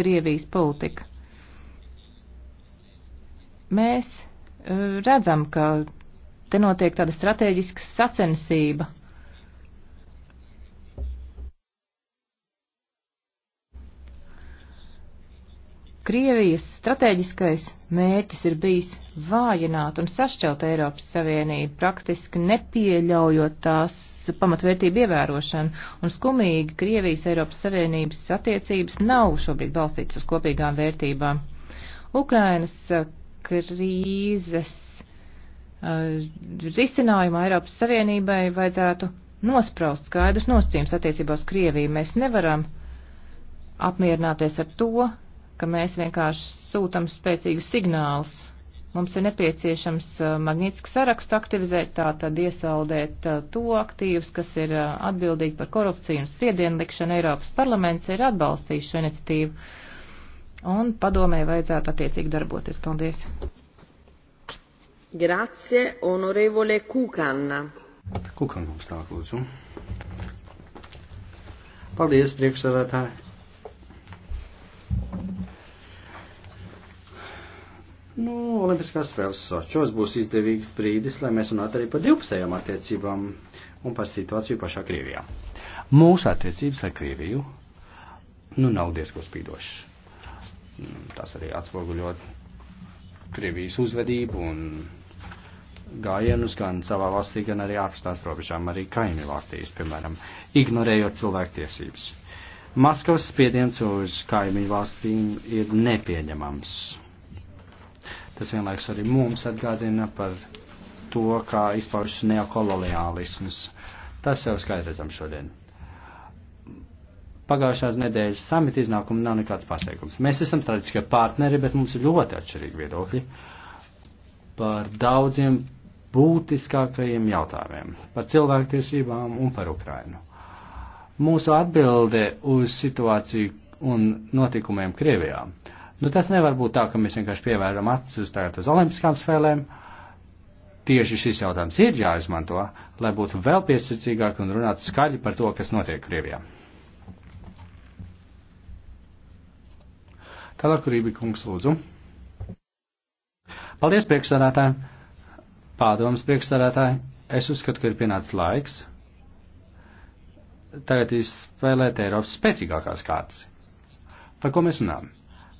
Krievijas politika. Mēs redzam, ka te notiek tāda strateģiska sacensība Krievijas strateģiskais mērķis ir bijis vājināt un sašķelt Eiropas Savienību, praktiski nepieļaujot tās pamatvērtību ievērošanu, un skumīgi Krievijas Eiropas Savienības attiecības nav šobrīd balstītas uz kopīgām vērtībām. Ukrainas krīzes uh, risinājumā Eiropas Savienībai vajadzētu nospraust skaidrs nosacījums attiecībās Krieviju. Mēs nevaram apmierināties ar to, ka mēs vienkārši sūtam spēcīgus signālus. Mums ir nepieciešams uh, magnītiski sarakstu aktivizēt, tātad iesaldēt uh, to aktīvus, kas ir uh, atbildīgi par korupciju un spiedienu likšanu. Eiropas parlaments ir atbalstījis šo iniciatīvu un padomē vajadzētu attiecīgi darboties. Paldies! Grazie, onorevole Kukanna. Kukanna mums tā lūdzu. Paldies, priekšsēdētāji! Nu, Olimpiskās spēles Sočos būs izdevīgs brīdis, lai mēs runātu arī par divpusējām attiecībām un par situāciju pašā Krievijā. Mūsu attiecības ar Krieviju nu, nav diezgan spīdošas. Mm, Tas arī atspoguļot Krievijas uzvedību un gājienus gan savā valstī, gan arī ārpus tās robežām, arī kaimi valstīs, piemēram, ignorējot cilvēktiesības. Maskavas spiediens uz kaimiņu valstīm ir nepieņemams Tas vienlaiks arī mums atgādina par to, kā izpaužas neokoloniālisms. Tas jau skaidrētam šodien. Pagājušās nedēļas samita iznākuma nav nekāds pārsteigums. Mēs esam strateģiskie partneri, bet mums ir ļoti atšķirīgi viedokļi par daudziem būtiskākajiem jautājumiem - par cilvēktiesībām un par Ukrainu. Mūsu atbilde uz situāciju un notikumiem Krievijām Nu, tas nevar būt tā, ka mēs vienkārši pievēram acis uz tagad uz olimpiskām spēlēm. Tieši šis jautājums ir jāizmanto, lai būtu vēl piesacīgāk un runātu skaļi par to, kas notiek Krievijā. Tālāk, Rībi kungs, lūdzu. Paldies, priekšsādātāji! Pārdomas priekšsādātāji! Es uzskatu, ka ir pienācis laiks tagad izspēlēt Eiropas spēcīgākās kārtas. Par ko mēs runājam?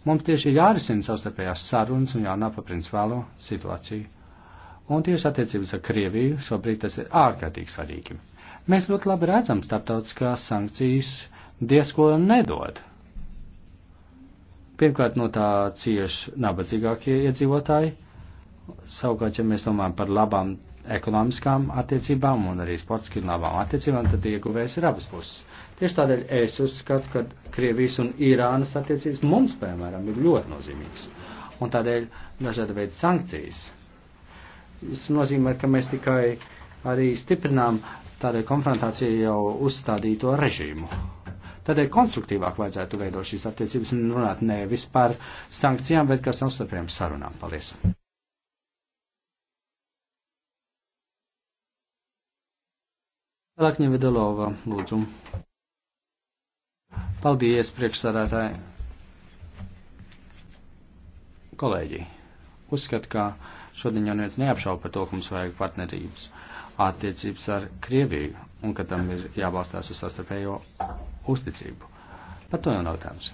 Mums tieši ir jārisina savstarpējās sarunas un jānāk par principālo situāciju. Un tieši attiecības ar Krieviju šobrīd tas ir ārkārtīgi svarīgi. Mēs ļoti labi redzam, starptautiskās sankcijas diezko nedod. Pirmkārt, no tā cieši nabadzīgākie iedzīvotāji. Savukārt, ja mēs domājam par labām ekonomiskām attiecībām un arī sportiski labām attiecībām, tad ieguvējs ir abas puses. Tieši tādēļ es uzskatu, ka Krievijas un Irānas attiecības mums, piemēram, ir ļoti nozīmīgas. Un tādēļ dažāda veida sankcijas. Tas nozīmē, ka mēs tikai arī stiprinām tādai konfrontācijai jau uzstādīto režīmu. Tādēļ konstruktīvāk vajadzētu veidot šīs attiecības un runāt nevis par sankcijām, bet par savstarpējām sarunām. Paldies! Tālāk Nevedalova, lūdzu. Paldies, priekšsādātāji! Kolēģi, uzskat, ka šodien jau neviens neapšauba par to, ka mums vajag partnerības attiecības ar Krieviju un ka tam ir jābalstās uz sastarpējo uzticību. Par to jau nav tēms.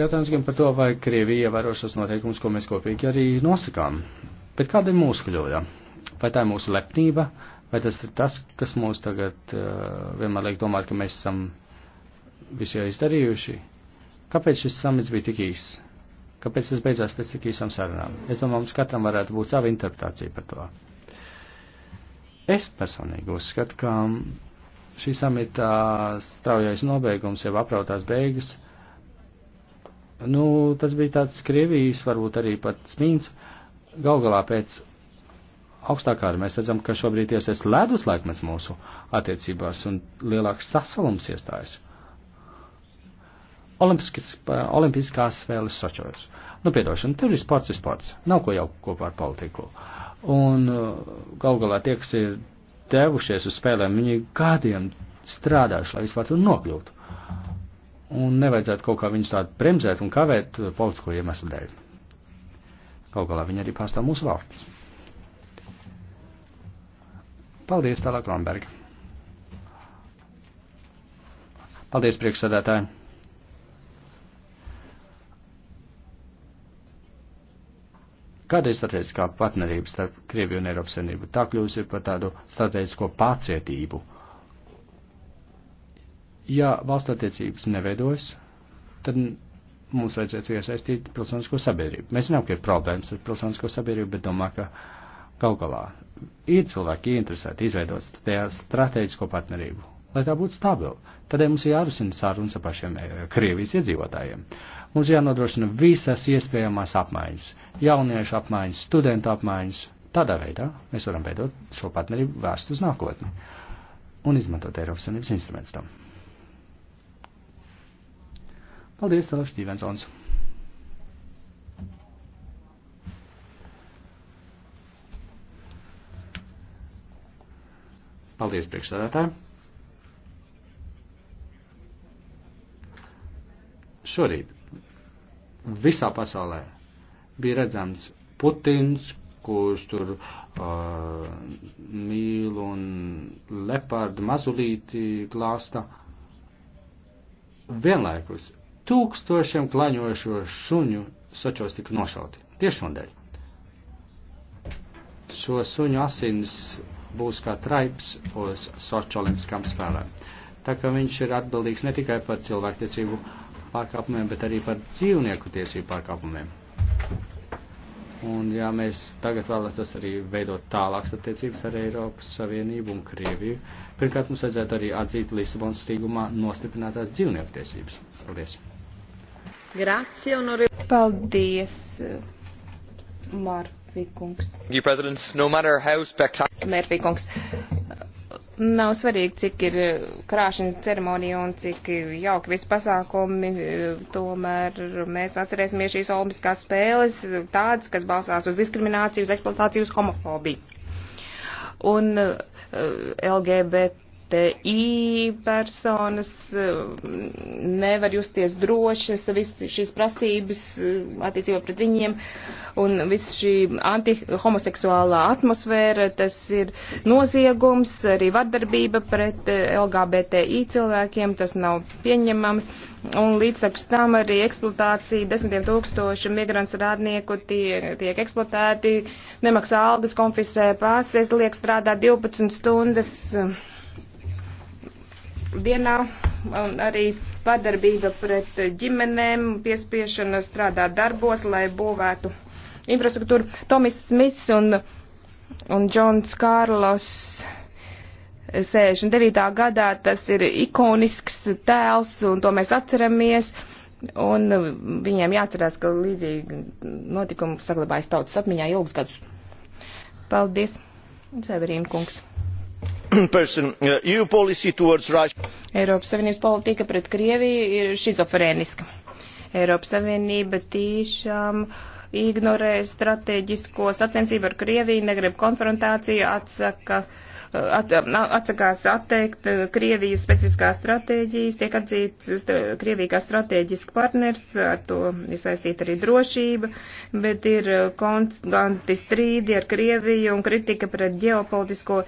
Jautājums gan par to, vai Krievija ievēro šos noteikumus, ko mēs kopīgi arī nosakām. Bet kāda ir mūsu kļūda? Vai tā ir mūsu lepnība, Vai tas ir tas, kas mūs tagad uh, vienmēr liek domāt, ka mēs esam visu jau izdarījuši? Kāpēc šis samits bija tik īss? Kāpēc tas beidzās pēc tik īsām sarunām? Es domāju, mums katram varētu būt sava interpretācija par to. Es personīgi uzskatu, ka šī samita straujais nobeigums jau aprautās beigas. Nu, tas bija tāds Krievijas, varbūt arī pat smīns. Gal galā pēc augstākā mēs redzam, ka šobrīd iesies ledus laikmets mūsu attiecībās un lielāks sasalums iestājas. Olimpiskās spēles Sočojos. Nu, piedošana, tur ir sports, ir sports. Nav ko jau kopā ar politiku. Un uh, gal galā tie, kas ir devušies uz spēlēm, viņi gadiem strādājuši, lai vispār tur nokļūtu. Un nevajadzētu kaut kā viņus tādu bremzēt un kavēt uh, politisko iemeslu dēļ. Galu galā viņi arī pārstāv mūsu valsts. Paldies, tālāk Lamberga. Paldies, priekšsēdētāji. Kāda ir strateģiskā partnerība starp Krieviju un Eiropas Savienību? Tā kļūst par tādu strateģisko pacietību. Ja valsts attiecības neveidojas, tad mums vajadzētu iesaistīt pilsonisko sabiedrību. Mēs zinām, ka ir problēmas ar pilsonisko sabiedrību, bet domāju, ka gal galā ir cilvēki ieinteresēti izveidot tajā strateģisko partnerību, lai tā būtu stabila. Tādēļ mums ir jārusina sarunas ar pašiem e, Krievijas iedzīvotājiem. Mums jānodrošina visas iespējamās apmaiņas, jauniešu apmaiņas, studentu apmaiņas. Tādā veidā mēs varam veidot šo partnerību vērst uz nākotni un izmantot Eiropas Savienības instrumentus tam. Paldies, Tālāk Stevensons! Paldies, priekšsēdētāji! Šorīt visā pasaulē bija redzams Putins, kurš tur uh, mīl un lepardu mazulīti glāsta. Vienlaikus tūkstošiem klaņojošo šuņu sočos tika nošauti. Tieši un dēļ. Šo suņu asins būs kā traips uz Soču olimpiskām spēlēm. Tā kā viņš ir atbildīgs ne tikai par cilvēktiesību pārkāpumiem, bet arī par dzīvnieku tiesību pārkāpumiem. Un ja mēs tagad vēlētos arī veidot tālākas attiecības ar Eiropas Savienību un Krieviju, pirmkārt mums vajadzētu arī atzīt Lisabonas stīgumā nostiprinātās dzīvnieku tiesības. Paldies! Grazie, onore... Paldies, Marta! Mērfīkungs. No Mērfīkungs. Nav svarīgi, cik ir eh, krāšana ceremonija un cik jauki visi pasākumi, eh, tomēr mēs atcerēsimies šīs olimpiskās spēles tādas, kas balsās uz diskrimināciju, uz eksploatāciju, uz homofobiju. Un eh, LGBT LGBTI personas eh, nevar justies drošas, visas šīs prasības eh, attiecībā pret viņiem un visa šī antihomoseksuālā atmosfēra, tas ir noziegums, arī vardarbība pret eh, LGBTI cilvēkiem, tas nav pieņemams. Un līdz tam arī eksploatācija desmitiem tūkstošu migrantu strādnieku tiek, tiek eksploatēti, nemaksā algas, konfiscē pases, liek strādāt 12 stundas. Uh, dienā, un arī vardarbība pret ģimenēm, piespiešana strādāt darbos, lai būvētu infrastruktūru. Tomis Smits un, un Džons Kārlos 69. gadā tas ir ikonisks tēls, un to mēs atceramies. Un viņiem jāatcerās, ka līdzīgi notikumi saglabājas tautas apmiņā ilgus gadus. Paldies, Severīna kungs. Uh, e Eiropas Savienības politika pret Krieviju ir šizofrēniska. Eiropas Savienība tīšām ignorē strateģisko sacensību ar Krieviju, negrib konfrontāciju, atsaka uh, at, atsakās atteikt uh, Krievijas specifiskās stratēģijas, tiek atzīts uh, Krievija kā strateģiski partners, ar to ir saistīta arī drošība, bet ir uh, konstanti strīdi ar Krieviju un kritika pret ģeopolitisko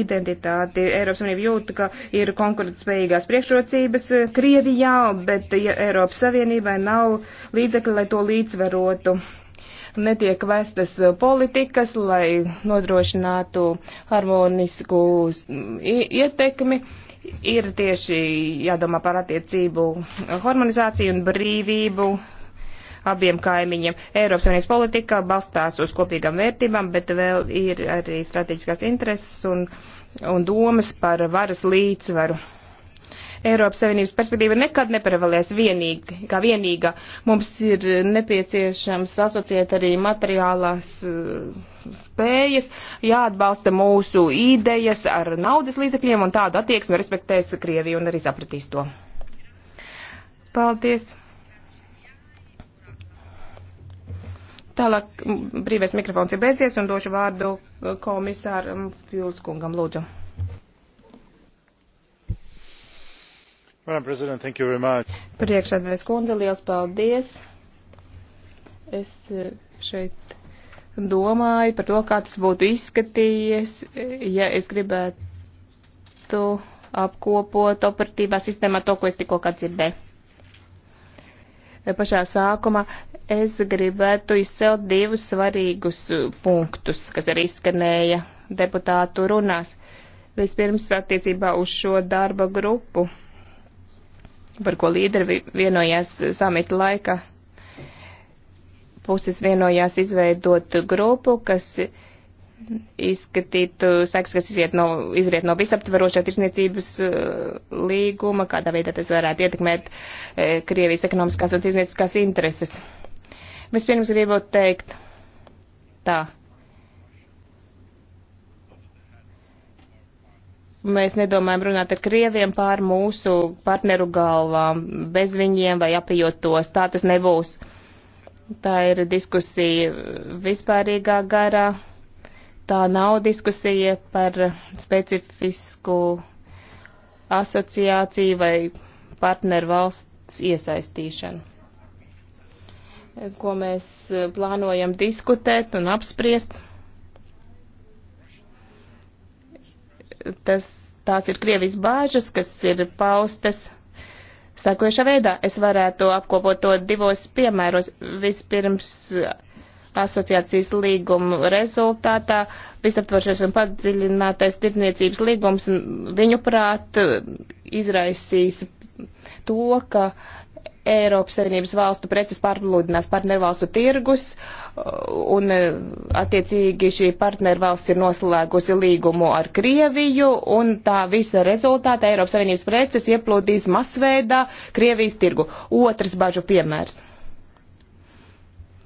identitāti. Eiropas Unība jūt, ka ir konkurētspējīgās priekšrocības Krievijā, bet ja Eiropas Savienībai nav līdzekļi, lai to līdzsvarotu netiek vestas uh, politikas, lai nodrošinātu harmonisku ietekmi. Ir tieši jādomā par attiecību harmonizāciju un brīvību abiem kaimiņiem. Eiropas Savienības politika balstās uz kopīgām vērtībām, bet vēl ir arī strateģiskās intereses un, un domas par varas līdzsvaru. Eiropas Savienības perspektīva nekad neprevalēs vienīgi, kā vienīga. Mums ir nepieciešams asociēt arī materiālās eh, spējas, jāatbalsta mūsu idejas ar naudas līdzekļiem un tādu attieksmi respektēs Krieviju un arī sapratīs to. Paldies. Tālāk brīvais mikrofons ir beidzies un došu vārdu eh, komisāram Fjūlskungam. Lūdzu. Priekšsēdētājs kundze, liels paldies! Es eh, šeit domāju par to, kā tas būtu izskatījies, ja es gribētu apkopot operatīvā sistēmā to, ko es tikko dzirdēju. Pašā sākumā es gribētu izcelt divus svarīgus punktus, kas arī izskanēja deputātu runās. Vispirms attiecībā uz šo darba grupu par ko līderi vienojās samita laika. Puses vienojās izveidot grupu, kas izskatītu seks, kas iziet no, izriet no visaptvarošā tirsniecības eh, līguma, kādā veidā tas varētu ietekmēt eh, Krievijas ekonomiskās un tirsniecības intereses. Vispirms gribu teikt tā Mēs nedomājam runāt ar krieviem pār mūsu partneru galvām, bez viņiem vai apjot tos. Tā tas nebūs. Tā ir diskusija vispārīgā garā. Tā nav diskusija par specifisku asociāciju vai partneru valsts iesaistīšanu. Ko mēs eh, plānojam diskutēt un apspriest? tas, tās ir Krievijas bāžas, kas ir paustas sakojušā veidā. Es varētu apkopot to divos piemēros. Vispirms asociācijas līguma rezultātā visaptvaršais un padziļinātais tirdzniecības līgums, viņuprāt, izraisīs to, ka Eiropas Savienības valstu preces pārplūdinās partnervalstu tirgus, un e, attiecīgi šī partnervalsts ir noslēgusi līgumu ar Krieviju, un tā visa rezultāta Eiropas Savienības preces ieplūdīs masveidā Krievijas tirgu. Otrs bažu piemērs,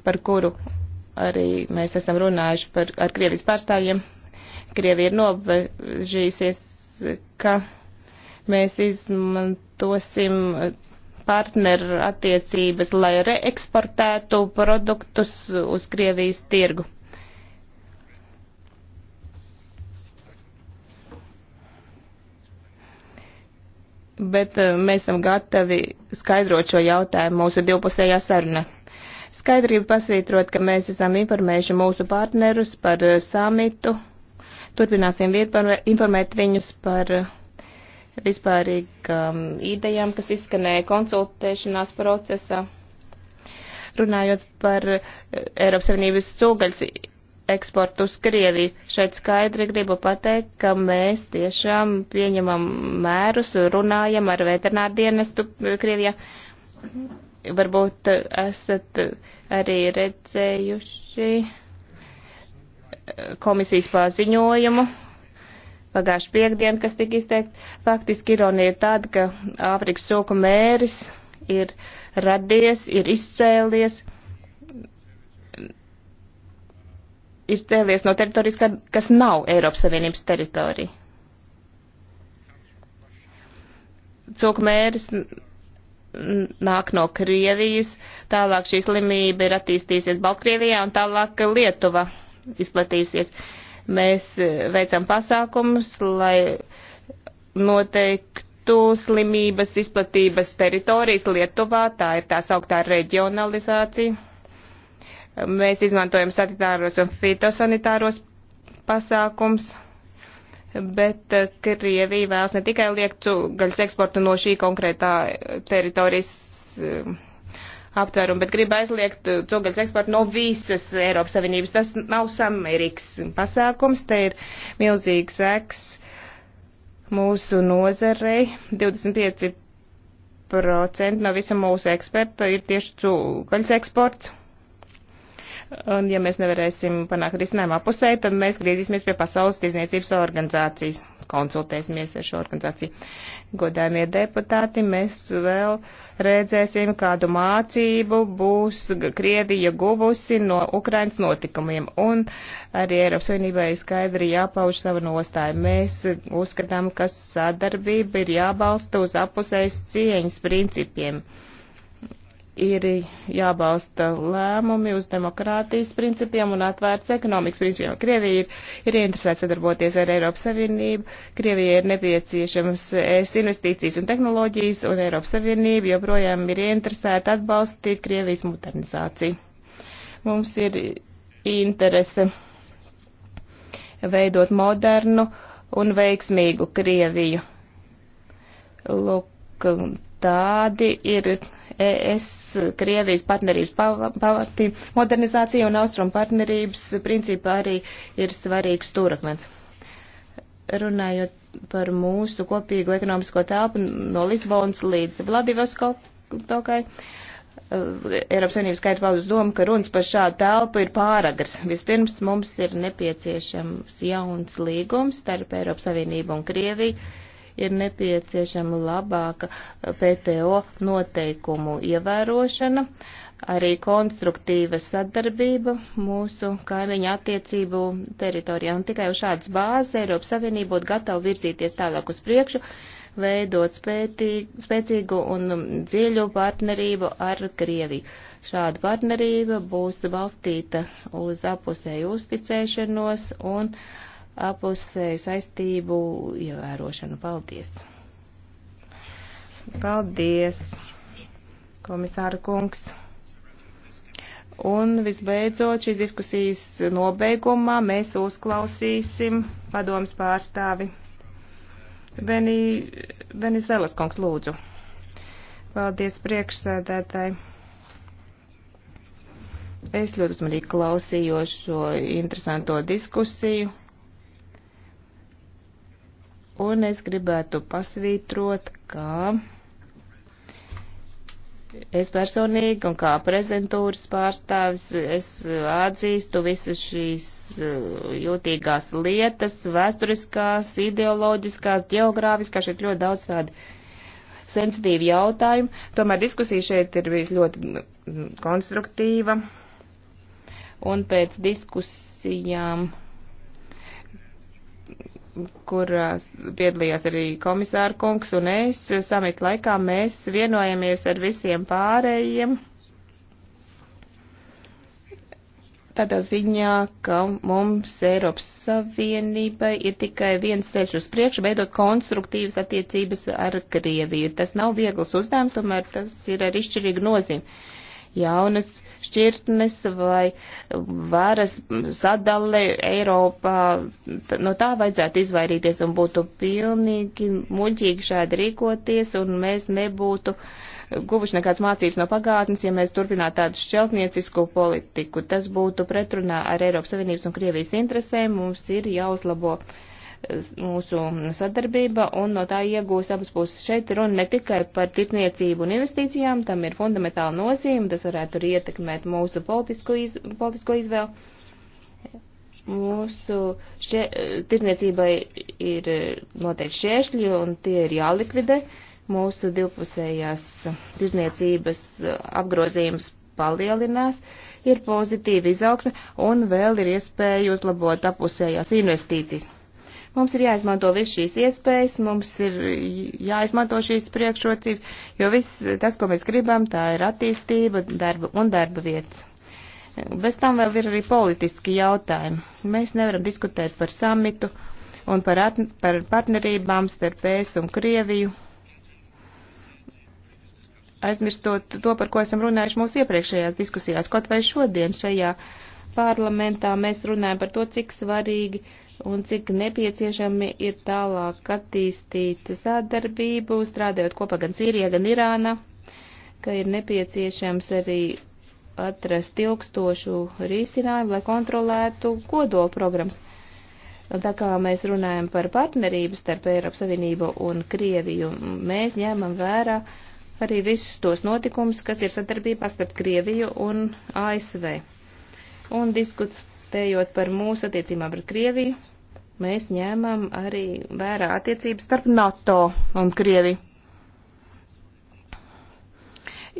par kuru arī mēs esam runājuši par, ar Krievijas pārstāvjiem. Krievija ir nobežījusies, ka mēs izmantosim partneru attiecības, lai reeksportētu produktus uz Krievijas tirgu. Bet eh, mēs esam gatavi skaidrot šo jautājumu mūsu divpusējā sarunā. Skaidrību pasvītrot, ka mēs esam informējuši mūsu partnerus par eh, samitu. Turpināsim informēt viņus par eh, vispārīgām idejām, kas izskanēja konsultēšanās procesā. Runājot par eh, Eiropas Savienības cūgaļas eksportu uz Krieviju, šeit skaidri gribu pateikt, ka mēs tiešām pieņemam mērus, runājam ar veterinārdienestu Krievijā. Varbūt eh, esat arī redzējuši eh, komisijas paziņojumu pagājuši piekdien, kas tika izteikts. Faktiski ironija ir tāda, ka Āfrikas cūku mēris ir radies, ir izcēlies, izcēlies no teritorijas, kas nav Eiropas Savienības teritorija. Cūku mēris nāk no Krievijas, tālāk šī slimība ir attīstījusies Baltkrievijā un tālāk Lietuva izplatījusies. Uh, Mēs e, veicam pasākumus, lai noteiktu slimības izplatības teritorijas Lietuvā, tā ir tā sauktā reģionalizācija. Mēs izmantojam sanitāros un fitosanitāros pasākums bet e, Krievija vēlas ne tikai liekt gaļas eksportu no šī konkrētā teritorijas e, aptvērumu, bet grib aizliegt eh, cūgaļas eksportu no visas Eiropas Savienības. Tas nav samērīgs pasākums, te ir milzīgs seks mūsu nozarei. 25% no visa mūsu eksporta ir tieši cūgaļas eksports. Un ja mēs nevarēsim panākt risinājumu apusē, tad mēs griezīsimies pie Pasaules tirzniecības organizācijas konsultēsimies ar šo organizāciju. Godājumie deputāti, mēs vēl redzēsim, kādu mācību būs Krievija guvusi no Ukrainas notikumiem. Un arī Eiropas Savienībai skaidri jāpauž sava nostāja. Mēs uzskatām, ka sadarbība ir jābalsta uz apusējas cieņas principiem ir jābalsta lēmumi uz demokrātijas principiem un atvērts ekonomikas principiem. Krievija ir, ir interesēta sadarboties ar Eiropas Savienību, Krievija ir nepieciešams es investīcijas un tehnoloģijas, un Eiropas Savienība joprojām ir interesēta atbalstīt Krievijas modernizāciju. Mums ir interese veidot modernu un veiksmīgu Krieviju. Lūk, tādi ir ES Krievijas partnerības pavati modernizācija un austrumu partnerības principā arī ir svarīgs stūrakmens. Runājot par mūsu kopīgo ekonomisko telpu no Lisbonas līdz Vladivostokai, Eiropas Savienības skaita paudus domu, ka runas par šādu telpu ir pāragras. Vispirms mums ir nepieciešams jauns līgums starp Eiropas Savienību un Krieviju ir nepieciešama labāka PTO noteikumu ievērošana, arī konstruktīva sadarbība mūsu kaimiņu attiecību teritorijā. Un tikai uz šādas bāzes Eiropas Savienība būtu gatava virzīties tālāk uz priekšu, veidot spētīgu, spēcīgu un um, dziļu partnerību ar Krieviju. Šāda partnerība būs balstīta uz apusēju uzticēšanos un uh, apusēju saistību ievērošanu. Paldies! Paldies, komisāra kungs! Un visbeidzot, šīs diskusijas nobeigumā mēs uzklausīsim padomas pārstāvi Veni, Venizelas kungs lūdzu. Paldies priekšsēdētāji. Es ļoti uzmanīgi klausījos šo interesanto diskusiju. Un es gribētu pasvītrot, ka es personīgi un kā prezentūras pārstāvis, es atzīstu visas šīs uh, jūtīgās lietas, vēsturiskās, ideoloģiskās, geogrāfiskās, šeit ļoti daudz tādu sensitīvu jautājumu. Tomēr diskusija šeit ir bijis ļoti mm, mm, konstruktīva. Un pēc diskusijām kurās piedalījās arī komisāra kungs un es. Samita laikā mēs vienojamies ar visiem pārējiem. Tādā ziņā, ka mums Eiropas Savienībai ir tikai viens ceļš uz priekšu, veidot konstruktīvas attiecības ar Krieviju. Tas nav viegls uzdevums, tomēr tas ir ar izšķirīgu nozīmi jaunas šķirtnes vai varas sadale Eiropā. No tā vajadzētu izvairīties un būtu pilnīgi muļķīgi šādi rīkoties un mēs nebūtu guvuši nekādas mācības no pagātnes, ja mēs turpinātu tādu šķeltniecisku politiku. Tas būtu pretrunā ar Eiropas Savienības un Krievijas interesēm. Mums ir jāuzlabo. Uh, mūsu sadarbība un no tā iegūs abas puses. Šeit runa ne tikai par tirtniecību un investīcijām, tam ir fundamentāla nozīme, tas varētu arī ietekmēt mūsu politisko, iz, politisko izvēlu. Mūsu šie, tirtniecībai ir noteikti šķēršļi un tie ir jālikvidē. Mūsu divpusējās tirzniecības apgrozījums palielinās, ir pozitīva izaugsme un vēl ir iespēja uzlabot apusējās investīcijas. Mums ir jāizmanto viss šīs iespējas, mums ir jāizmanto šīs priekšrocības, jo viss tas, ko mēs gribam, tā ir attīstība darba un darba vietas. Bez tam vēl ir arī politiski jautājumi. Mēs nevaram diskutēt par samitu un par, at, par partnerībām starp ES un Krieviju, aizmirstot to, par ko esam runājuši mūsu iepriekšējās diskusijās, kaut vai šodien šajā parlamentā mēs runājam par to, cik svarīgi ir un cik nepieciešami ir tālāk attīstīt sadarbību, strādājot kopā gan Sīrijā, gan Irāna, ka ir nepieciešams arī atrast ilgstošu risinājumu, lai kontrolētu kodola programmas. Un tā kā mēs runājam par partnerību starp Eiropas Savienību un Krieviju, mēs ņēmam vērā arī visus tos notikumus, kas ir sadarbībā starp Krieviju un ASV. Un diskus, Tējot par mūsu attiecībām ar Krieviju, mēs ņēmam arī vērā attiecības starp NATO un Krieviju.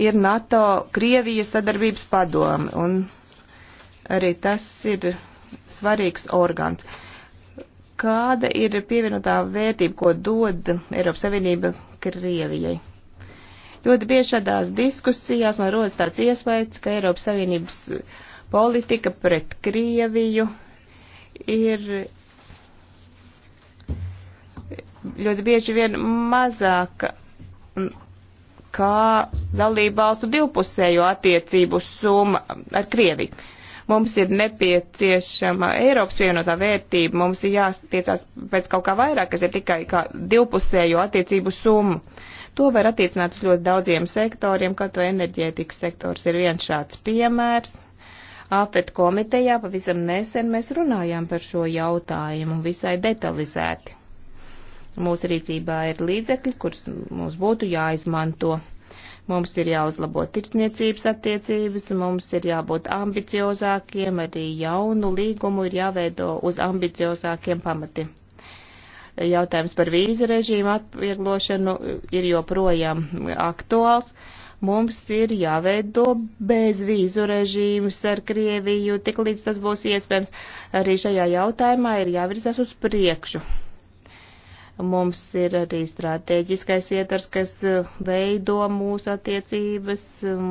Ir NATO Krievijas sadarbības padomi, un arī tas ir svarīgs orgāns. Kāda ir pievienotā vērtība, ko dod Eiropas Savienība Krievijai? Ļoti bieži šādās diskusijās man rodas tāds iespējas, ka Eiropas Savienības uh, politika pret Krieviju ir ļoti bieži vien mazāka kā dalībvalstu divpusējo attiecību summa ar Krieviju. Mums ir nepieciešama Eiropas vienotā vērtība, mums ir jāstiecās pēc kaut kā vairāk, kas ir tikai kā divpusējo attiecību summa. To var attiecināt uz ļoti daudziem sektoriem, kaut vai enerģētikas sektors ir viens šāds piemērs. APET komitejā pavisam nesen mēs runājām par šo jautājumu visai detalizēti. Mūsu rīcībā ir līdzekļi, kurus mums būtu jāizmanto. Mums ir jāuzlabo tirdzniecības attiecības, mums ir jābūt ambiciozākiem, arī jaunu līgumu ir jāveido uz ambiciozākiem pamatiem jautājums par vīzu režīmu atvieglošanu ir joprojām aktuāls mums ir jāveido bezvīzu režīms ar Krieviju, tik līdz tas būs iespējams. Arī šajā jautājumā ir jāvirzās uz priekšu. Mums ir arī strateģiskais ietvers, kas eh, veido mūsu attiecības.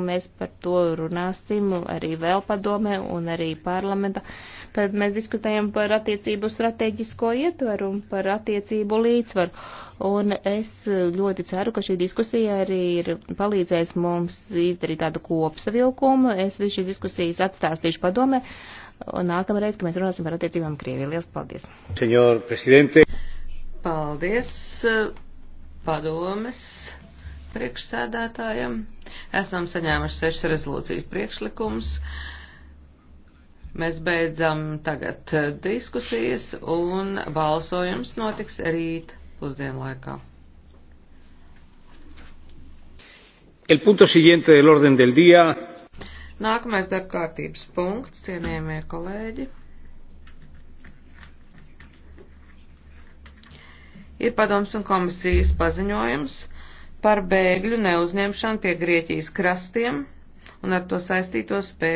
Mēs par to runāsim arī vēl padomē un arī parlamentā. Tad mēs diskutējam par attiecību strateģisko ietveru un par attiecību līdzsvaru. Un es ļoti ceru, ka šī diskusija arī ir palīdzēs mums izdarīt tādu kopsavilkumu. Es visu šīs diskusijas atstāstīšu padomē. Un nākamreiz, kad mēs runāsim par attiecībām Krievijā. Lielas paldies! Senjor prezidente! Paldies padomes priekšsēdētājam. Esam saņēmuši sešas rezolūcijas priekšlikumus. Mēs beidzam tagad eh, diskusijas un balsojums notiks rīt pusdienlaikā. El punto siguiente del orden del día. Nākamais darbkārtības punkts, cienījamie kolēģi. ir padoms un komisijas paziņojums par bēgļu neuzņemšanu pie Grieķijas krastiem un ar to saistītos spēju.